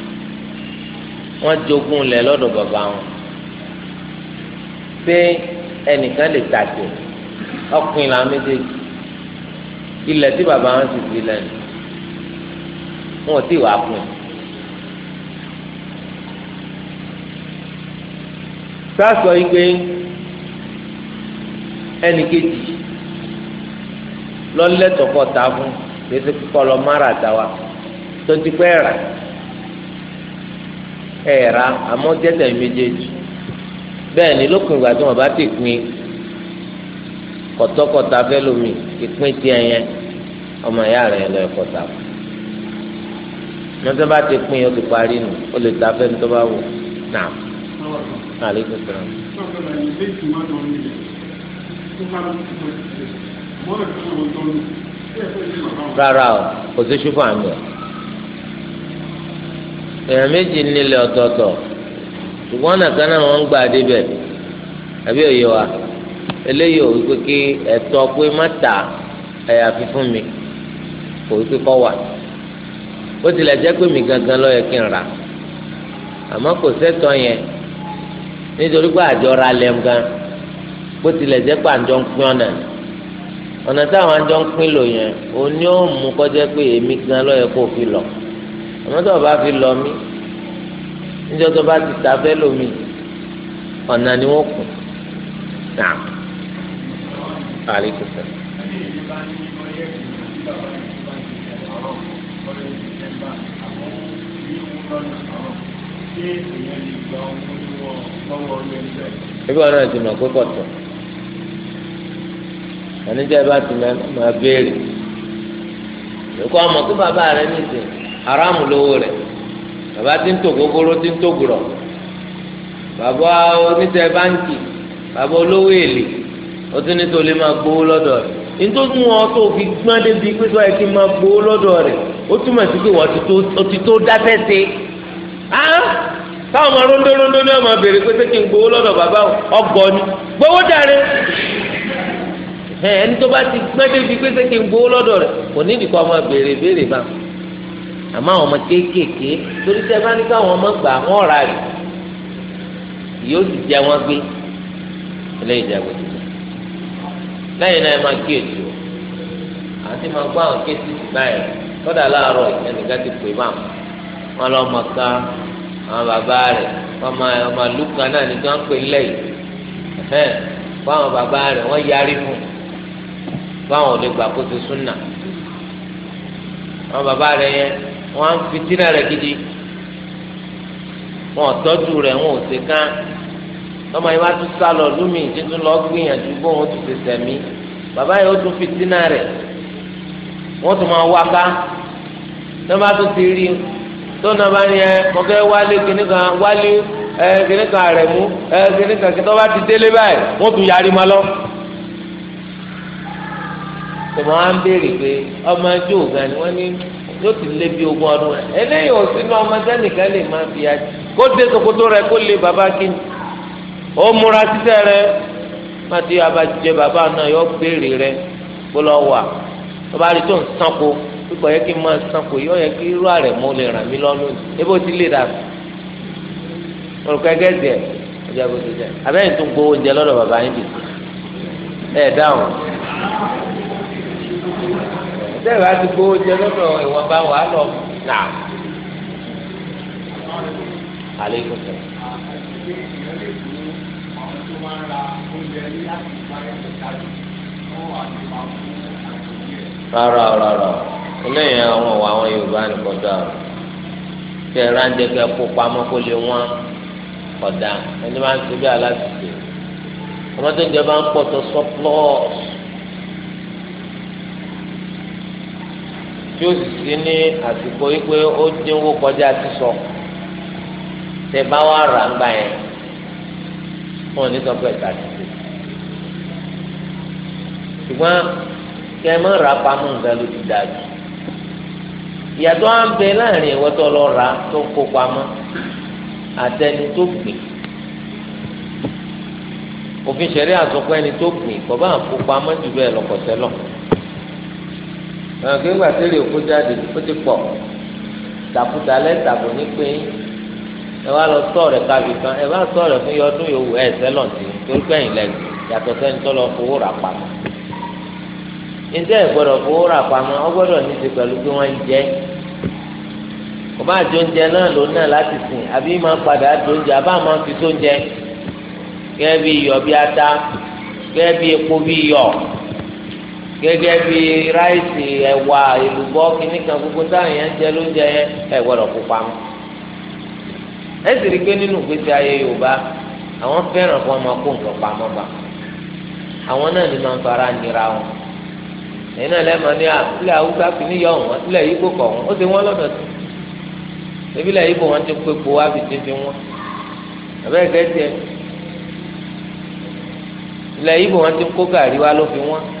wọ́n jogún lẹ̀ lọ́dọ̀ bàbá wọn pé ẹnìkan lè tàjò ọkùnrin làwọn méjèèjì ilẹ̀ tí bàbá wọn ti fi lẹ́nu wọn ò tí wàá pin. sásọ igbe ẹnìkejì lọ́lẹ́tọ̀kọ̀ tá a fún kí ẹsẹ̀ kọ́ lọ márà tá tó ti pẹ́ rà ẹ̀ra àmọ́ jẹ́sẹ̀ méjèèjì bẹ́ẹ̀ ni lókun ìgbà tí wọ́n bá ti pín kọ̀tọ́kọ̀tà fẹ́ lómi ìpín tiẹ̀ yẹn ọmọ ìyá rẹ̀ lọ ẹ̀kọ́ ta kù bá ti pín o ti parí nù o lè ta fẹ́ni tó bá wù náà àlékún sọ̀rọ̀. rárá o kò sí ṣùgbọ́n àmì ọ̀ èèyàn méjì nílẹ̀ ọ̀tọ̀ọ̀tọ̀ ṣùgbọ́n nàkan náà wọ́n ń gbà débẹ̀ àbí òye wa eléyìí ò wípé kí ẹ̀tọ́ pé má tà àyàfi fún mi kò wípé kọ́ wà bó tilẹ̀ jẹ́ pé mi gangan ló yẹ kí n rà àmọ́ kò sẹ́tọ̀ yẹn nítorí pé àjọ ra lẹ́m gan bó tilẹ̀ jẹ́ pé àjọ ń pín ọ̀nà ọ̀nà táwọn àjọ ń pín lò yẹn òun ni ó mú kọjá pé èmi gan ló yẹ kó fi lọ àmọ́ tó o bá fi lọ mí níjọ́ tó bá ti ta fẹ́ lómi ọ̀nà ni wọ́n kù náà àlékún sẹ́yìn. ebi ọ̀nà ti mọ̀ pé kọ̀tọ̀ àníjẹ́ bá ti mọ̀ ẹ́ máa béèrè èkó ọmọ kó bàbá rẹ nísìnyí. haramu lówó rẹ̀ bàbá tí to tò gbogbooro bàbá onítẹ̀ báńkì bàbá olówó èlé ó tún ní tòlé gbowó lọ́dọ̀ rẹ̀ nítorí mú ọ tó fi gbọ́n débi pé yẹ gbowó túmọ̀ sí pé wọ́n ti tó dáfẹ́ se táwọn ọmọ rondo ní ọmọ pé kí n gbowó lọ́dọ̀ bàbá ọgọ́ ni gbowó dáre ẹni tó bá gbowó kò ní ọmọ àmọ́ àwọn ọmọ kéékèèké torí tẹ́ bá ní káwọn ọmọ gbà wọ́n rà rè yóò sì jẹ wọn gbé eléyìí jẹ gbé tuntun lẹ́yìn náà ẹ máa kí ètò àti máa gbọ́ àwọn kéésì sí báyìí kọ́dà láàárọ̀ ẹnìkan ti pè máa wọn lọ ọmọ ká àwọn bàbá rẹ̀ ọmọ ọmọ lùkà náà ní wọ́n pè lẹ́yìn fún àwọn bàbá rẹ̀ wọ́n yarí fún fún àwọn olè súnà àwọn bàbá rẹ̀ yẹn wọn á fi tínà rẹ̀ gidi wọn ò tọ́jú rẹ̀ wọn ò ṣe kán lọ́mọ yìí wá tún sá lọ lómi tuntun lọ gbìyànjú bó wọn tún ṣe sẹ̀mí bàbá yìí ó tún fi tínà rẹ̀ wọ́n tún máa wá ká lọ́mọ tó ti rí tọ́nà bá ní ẹ mọ fẹ́ wálé kíní kan wálé ẹ kíní kan rẹ̀ mú ẹ kíní kan kí bá ti délé báyìí wọ́n tún yarí ma lọ tòmọ́ á ń béèrè pé ọmọ ẹjọ́ ògàn ni wọ́n ní yóò ti lé bí ogún ọdún rẹ eléyìí ò sínú ọmọ sẹ́nìkan lè máa fi àjẹ kó dé sokoto rẹ kó lé baba kíni ó múra títẹ rẹ màtí abajẹ baba náà yọ béèrè rẹ kó lọ wà bàbá rí tó ń sanko pípọ̀ yẹ kí n máa sanko yọ yẹ kí irú àrẹ̀ mú lè ràn mí lọ́nu ebó ti lè dà olùkọ́ ẹgẹ́ díẹ̀ ọjà bó ti jẹ abẹ́yìn tó ń gbowó oúnjẹ lọ́dọ̀ bàbá yín bì ẹ̀ dáhùn sẹ́yìn wá ti gbowó jẹ lọ́dọ̀ ìwọ̀n bá wà á lọ nà. Àlékún sọ. Rárá rárá eléyìí àwọn ọ̀wọ́ àwọn Yorùbá nìkan dá o. Kí ẹ ránjẹ kí ẹ kó pamọ́ kó lè wọ́n ọ̀dà ẹni máa ń ṣe bí aláṣẹ. Ọmọdé ń jẹ bá ń pọ̀ tó sọ́pọ́ọ̀sì. tí ó sì sí ní àsìkò yìí pé ó dínwó kọjá sísọ tẹ bá wà rà ń gbà yẹn wọn ò ní sọ pé ẹ̀ka ti sè ṣùgbọ́n kẹ́ ẹ má ra nǹkan ló ti dájú ìyàtọ̀ à ń bẹ láàrin ìwọ tó lọ rà tó kó pamọ́ àtẹni tó gbìn òfin ṣẹ̀rí àsọpọ̀ ẹni tó gbìn kọ́ bá ń kó pamọ́ jù ẹ̀rọ kéwà tẹ́lẹ̀ òkú jáde ó ti pọ̀ tàkùtà lẹ́tàkù ní pé ẹ wá lọ sọ̀rọ̀ ẹ̀ka bì kan ẹ bá sọ̀rọ̀ fún yọ ọdún yòówù ẹ̀ sẹ́lọ̀ tì torí pé ẹ̀yìn lẹ́yìn yàtọ̀ sẹ́ni tó lọ fowó rà pamọ́ níta ẹ̀ gbọ́dọ̀ fowó rà pamọ́ ọ gbọ́dọ̀ ní ti pẹ̀lú pé wọ́n ń jẹ́ kò bá jẹ oúnjẹ náà ló náà láti sìn àbí máa padà jẹ oúnjẹ àbá máa fi tó oúnjẹ gẹ́gẹ́ bí iyọ̀ bí ata gẹ́gẹ́ bí epo bí iyọ̀ gẹ́gẹ́ bí ráìsì ẹ̀wà èlùbọ́ kìíní kan gbogbo táwọn yẹn jẹ lóúnjẹ yẹn ẹ gbọ́dọ̀ kó pamọ́ ẹ sì rí i pé nínú ìgbésí ayé Yorùbá àwọn fẹ́ràn kí wọ́n kó nǹkan pamọ́ pa àwọn náà ni máa ń fara nira wọn èyí náà lẹ́mọ̀ ní ilẹ̀ Haúsá fi ní yọ̀ wọ́n ilẹ̀ kọ̀ wọ́n ó ti wọ́n lọ́dọ̀ sí ebi ilẹ̀ yìí kò ti pé po wá fi títí wọ́n àbẹ́ẹ̀kẹ́ tiẹ̀ ilẹ̀ yìí kò ti kó gàrí wá ló fi wọ́n.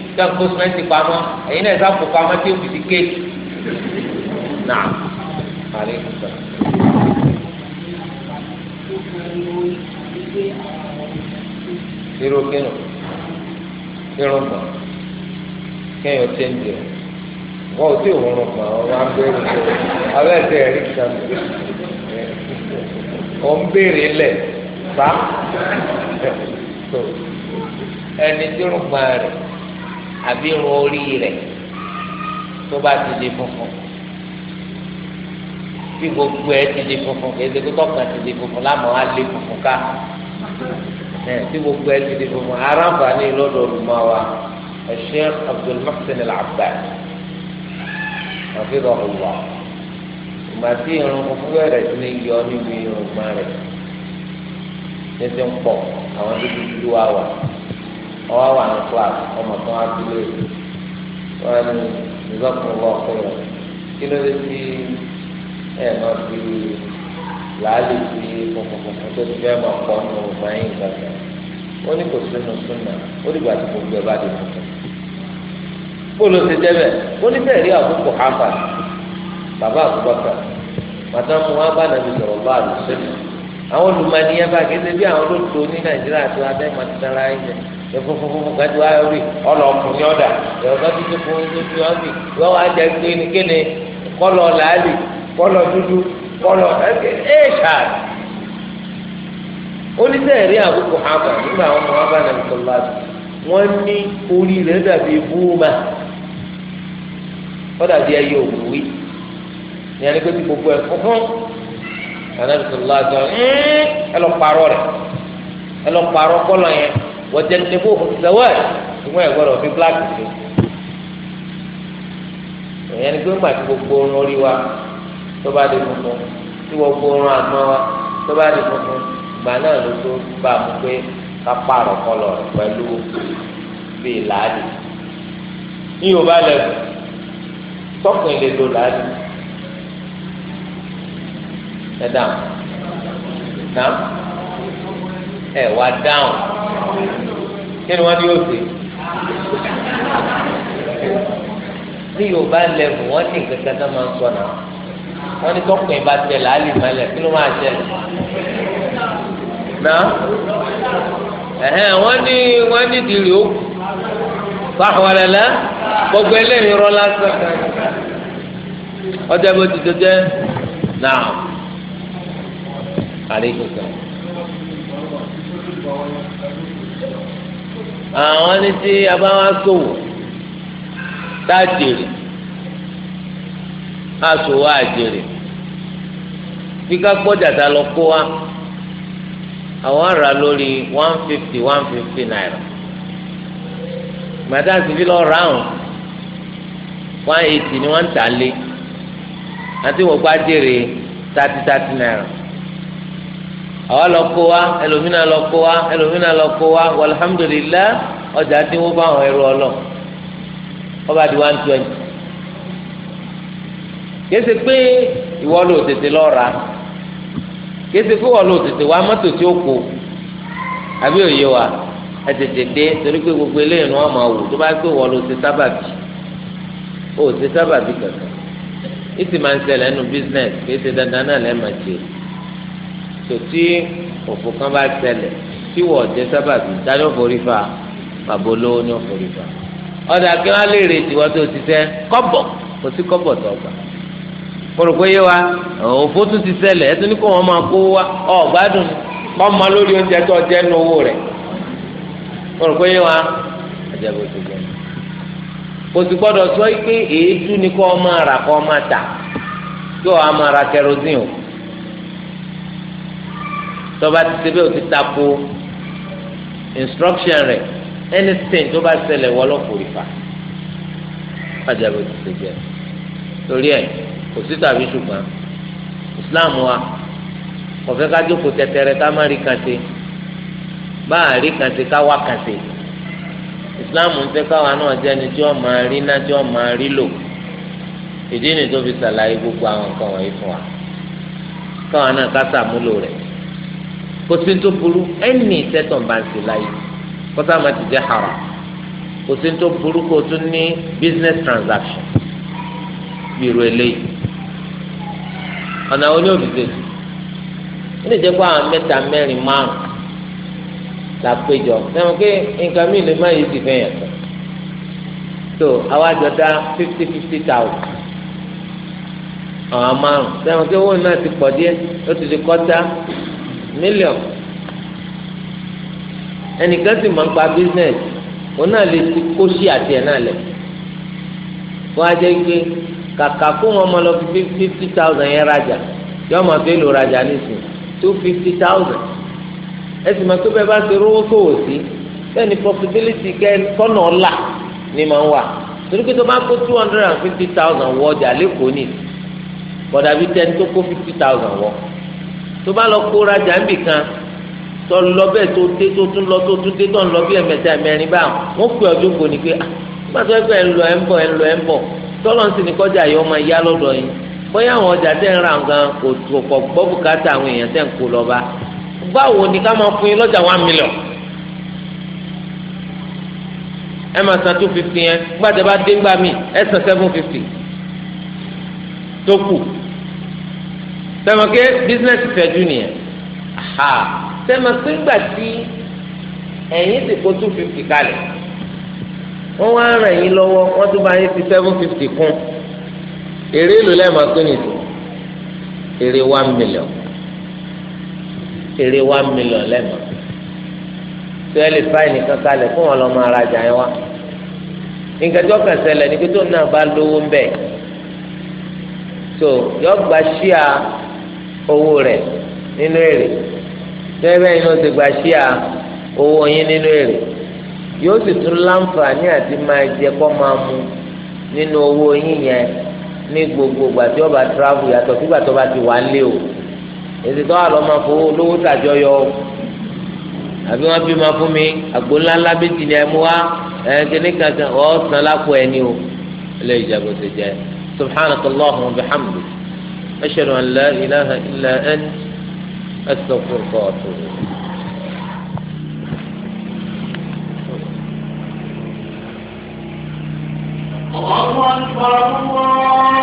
sẹ́kù sìmẹ́ntì pamọ́ ẹ̀yin náà sáfù pamọ́ tí ó fi ti ké náà àlẹ́ kùsà. irú kínú irú mọ̀ kéèyàn ṣe ń jẹ wọn ò tí ò rọrùn pa ọ̀rọ̀ abẹ́rẹ́ abẹ́rẹ́ ẹ̀rí kan ọ̀ ń béèrè lẹ̀ bá ẹni tí ó rùn pa rẹ̀ àbí irun orí rẹ̀ tó bá ti di funfun bí gbogbo ẹ ti di funfun kì í ṣe pé tọkàn ti di funfun lámọ̀ á lé funfun ká bí gbogbo ẹ ti di funfun aráǹfààní lọ́dọ̀ olùmọ̀ wa Sheikh Abdul Muhsin Al-Abbad àfihàn ọ̀wà irun funfun bẹ̀rẹ̀ sí ní yọ níbi irun gbọ́n rẹ̀ ṣẹṣẹ ń pọ̀ àwọn tó ti dúró wa wà ọwọ́ wà ní class ọmọ tó wá sílé wọn ni ìzọkùnrin wọn kọ yẹn kí ló dé sí ẹ máa fi làálì sí kọkànkọkàn tó ti fẹ́ máa kọ́ nù báyìí gbàgbà wọn ní kò sínú súnà ó dìgbà tí gbogbo ẹ bá di tuntun bóòlù ti dẹ́bẹ̀ ó ní bẹ́ẹ̀ rí àkókò hàmà bàbá àkùbọ̀kà màtàmú wọn bá nàbí sọ̀rọ̀ bá àlùsẹ́lẹ̀ àwọn olùmọ̀nìyàn bá gẹ́gẹ́ bí àwọn olóòtú ní nàìjíríà tó abẹ́ màtàlá ẹ̀jẹ̀ efufufufu kan ti wá rí ọlọ ọkùnrin ọdà yorùbá ti ti fún ojú fi wọn bì wọn wá jẹ gbéni kéne kọlọ làálì kọlọ dúdú kọlọ ẹṣà onísẹ̀rí àbúkù hàmà nígbà àwọn ọmọ ọba náà tó bá dùn wọn ní orí rẹ dàbí búùmà ó dàbí ẹyẹ òwúwí ní ẹni pé ti gbogbo ẹ fúnfún àná tó bá dùn ẹ lọ pààrọ̀ rẹ ẹ lọ pààrọ̀ kọlọ yẹn wọ́tẹ́lẹ́bù sẹ́wọ́ẹ̀ ṣùgbọ́n ẹ̀ gbọ́dọ̀ fi bíláàkì sí. ìyẹn ni pé ńgbà tí gbogbo orun orí wa tó bá di funfun tí gbogbo orun àgbọn wa tó bá di funfun ìgbà náà ló tó bá mú pé ká pààrọ̀ kọlọ̀ pẹ̀lú bíi làálì. ní yorùbá lẹ́nu tọkùn lè lo làálì. ẹ dáhùn ẹ wá dáhùn kí ni wọ́n ní yóò ṣe ní yorùbá lẹ́bù wọ́n ní kankan tó máa ń sọ náà wọ́n ní tọkùnrin bá tẹ̀ láàlì mọ́lẹ̀ kí ló máa ṣẹlẹ̀ náà ẹ̀hẹ́n wọ́n ní wọ́n ní dìrì ó fáwọlẹ́lẹ́ gbogbo eléyìí rọ lásán ọjọ́ bó ti tó jẹ́ náà àríkùsọ̀. àwọn ní tí a bá wá sòwò tá a jèrè a sòwò a jèrè bí ká gbọ́dọ̀ tá lọ kó wa àwọn ará lórí one fifty one fifty naira màtá sì fi lọ rà àwọn one eighty ni wọ́n ń tà lé àti wọ́n gbá jèrè thirty thirty naira àwa lọ kó wa ẹlòmínà lọ kó wa ẹlòmínà lọ kó wa walhamdulillah ọjà dínwó bá àwọn ẹrú ọlọ ọba di one twenty kése pé ìwọ ló tètè lọ rà kése pé ìwọ ló tètè wá mọ́tò tí ó kó àbí òye wa ẹ tètè dé torí pé gbogbo eléyìí ni wọn máa wò tó bá pé ìwọ ló ti sábàbí ó ti sábàbí kankan ìtì máa ń ṣẹlẹ̀ nínú business kése dandan náà lẹ́ẹ̀ máa jẹ́ tòtí òfò kan bá tí wọ́n sábàbí dájọ́ forí fa ni wọ́n forí fa ọ̀dà kí wọ́n lè wọ́n tó ti sẹ́ kọ́bọ̀ kò sí kọ́bọ̀ tó gbà yé wa òfò tún ti ní kó máa kó wa ọ̀gbádùn lórí oúnjẹ tó jẹ́ owó rẹ̀ yé wa ti jẹ́ kò sì gbọ́dọ̀ sọ pé èédú ni kó tọba ti ṣe bẹ́ẹ̀ o ti tako instruction rẹ̀ anything tó bá ṣẹlẹ̀ wọ́n lọ kò rí fa bàjẹ́ bó ti ṣe jẹ́ torí ẹ̀ kò sí tàbí ṣùgbọ́n Islam wa kò fẹ́ ká jókòó tẹ̀tẹ̀rẹ̀ ká má rí kante bá a rí kante ká wá kante Islam ń fẹ́ káwa náà jẹ́ ni tí wọ́n máa rí náà tí wọ́n máa rí lò ìdí ni tó fi ṣàlàyé gbogbo àwọn nǹkan wọ̀nyí fún wa káwa náà ká ṣàmúlò rẹ̀ kò sí tó burú ẹnì tẹ́tàn bá ń ṣe láyé kọ́sá máa ti jẹ́ haram kò tó burú kò tún ní business transaction bí irú eléyìí ọ̀nà wo ni ó fi ṣe ó lè jẹ́ pé àwọn mẹ́ta mẹ́rin márùn la péjọ sẹ́wọ̀n pé nǹkan mi lè má yìí ti fẹ́ yẹn tán so àwa jọ dá fifty fifty thousand àwọn márùn sẹ́wọ̀n pé owó náà ti pọ̀ díẹ̀ ó ti di kọ́tà mílíọ̀n ẹnìkan sì máa ń pa business òun náà lè ti kó sí àti ẹ̀ náà lẹ̀ wọ́n á jẹ́ kàkà kó wọn lọ fi fifty thousand yẹn rajà yọ́n máa fẹ́ lò rajà nísìn two fifty thousand ẹ̀sìn máa tó bẹ́ẹ̀ bá ṣe rówó sòwò sí bẹ́ẹ̀ ni profitability kọ́nà ọ̀la ni máa ń wà torí pé tó bá kó two hundred and fifty thousand wọ ọjà lẹ́kọ̀ọ́ nìyí kọ̀dà bíi tẹ́ni tó kó fifty thousand wọ tó bá lọ kóra jàǹbì kan tó lọ bẹ́ẹ̀ tó dé tó tún lọ tó tún dé tó ń lọ bí ẹ̀mẹta ẹ̀mẹrin bá wọn pè ọjọ́ kò ní pé pàtó ah, ẹgbẹ́ ẹ̀ ń lọ ẹ̀ ń bọ̀ ẹ̀ ń lọ ẹ̀ ń bọ̀ tọ́lọ́ sì ní kọjá yìí ọmọ ìyá lọ́dọ̀ yìí bóyá àwọn ọjà tẹ́ ń ra nǹkan kò tó pọ̀ gbọ́ bùkátà àwọn èèyàn tẹ́ ń kó lọ bá báwo ni ká máa fún yín lọ́jà one million ẹ máa san two fifty yẹn gbàdé dé gbà mí ẹ san seven fifty tó kù sẹ́mi pé bísínẹ́sì fẹ́jú nìyẹn sẹ́mi pé gbà tí ẹ̀yin ti kó two fifty kalẹ̀ wọ́n wá ń ràn yín lọ́wọ́ wọ́n tún bá yín fi seven fifty kún èrè èlò lẹ́ẹ̀ma pé nìyí èrè one million èrè one million lẹ́ẹ̀ma tí ẹ lè fáìní kankalẹ̀ fún wọn lọ́mọ arajà yẹn wá nǹkan tí wọ́n kàn ṣẹlẹ̀ ní pé tó náà bá lówó ń bẹ̀ so yọ gba ṣíà. owó rẹ nínú èrè tẹ́lẹ̀ yìí ló ti gba ṣíà owó yín nínú èrè yóò sì tún láǹfààní àti máa jẹ kó máa mu nínú owó yín ní gbogbo ìgbà tí ọba travel yàtọ̀ sígbà tó ti wà o èsì tó wà lọ́ máa fowó tàjọ yọ o àbí wọn bí máa fún mi àgbo ńlá ńlá ẹ mú wa ẹ kíní kankan ọ̀ ọ́ sàn lápò o jẹ́ أشهد أن لا إله إلا أنت أستغفرك وأتوب إليك الله أكبر الله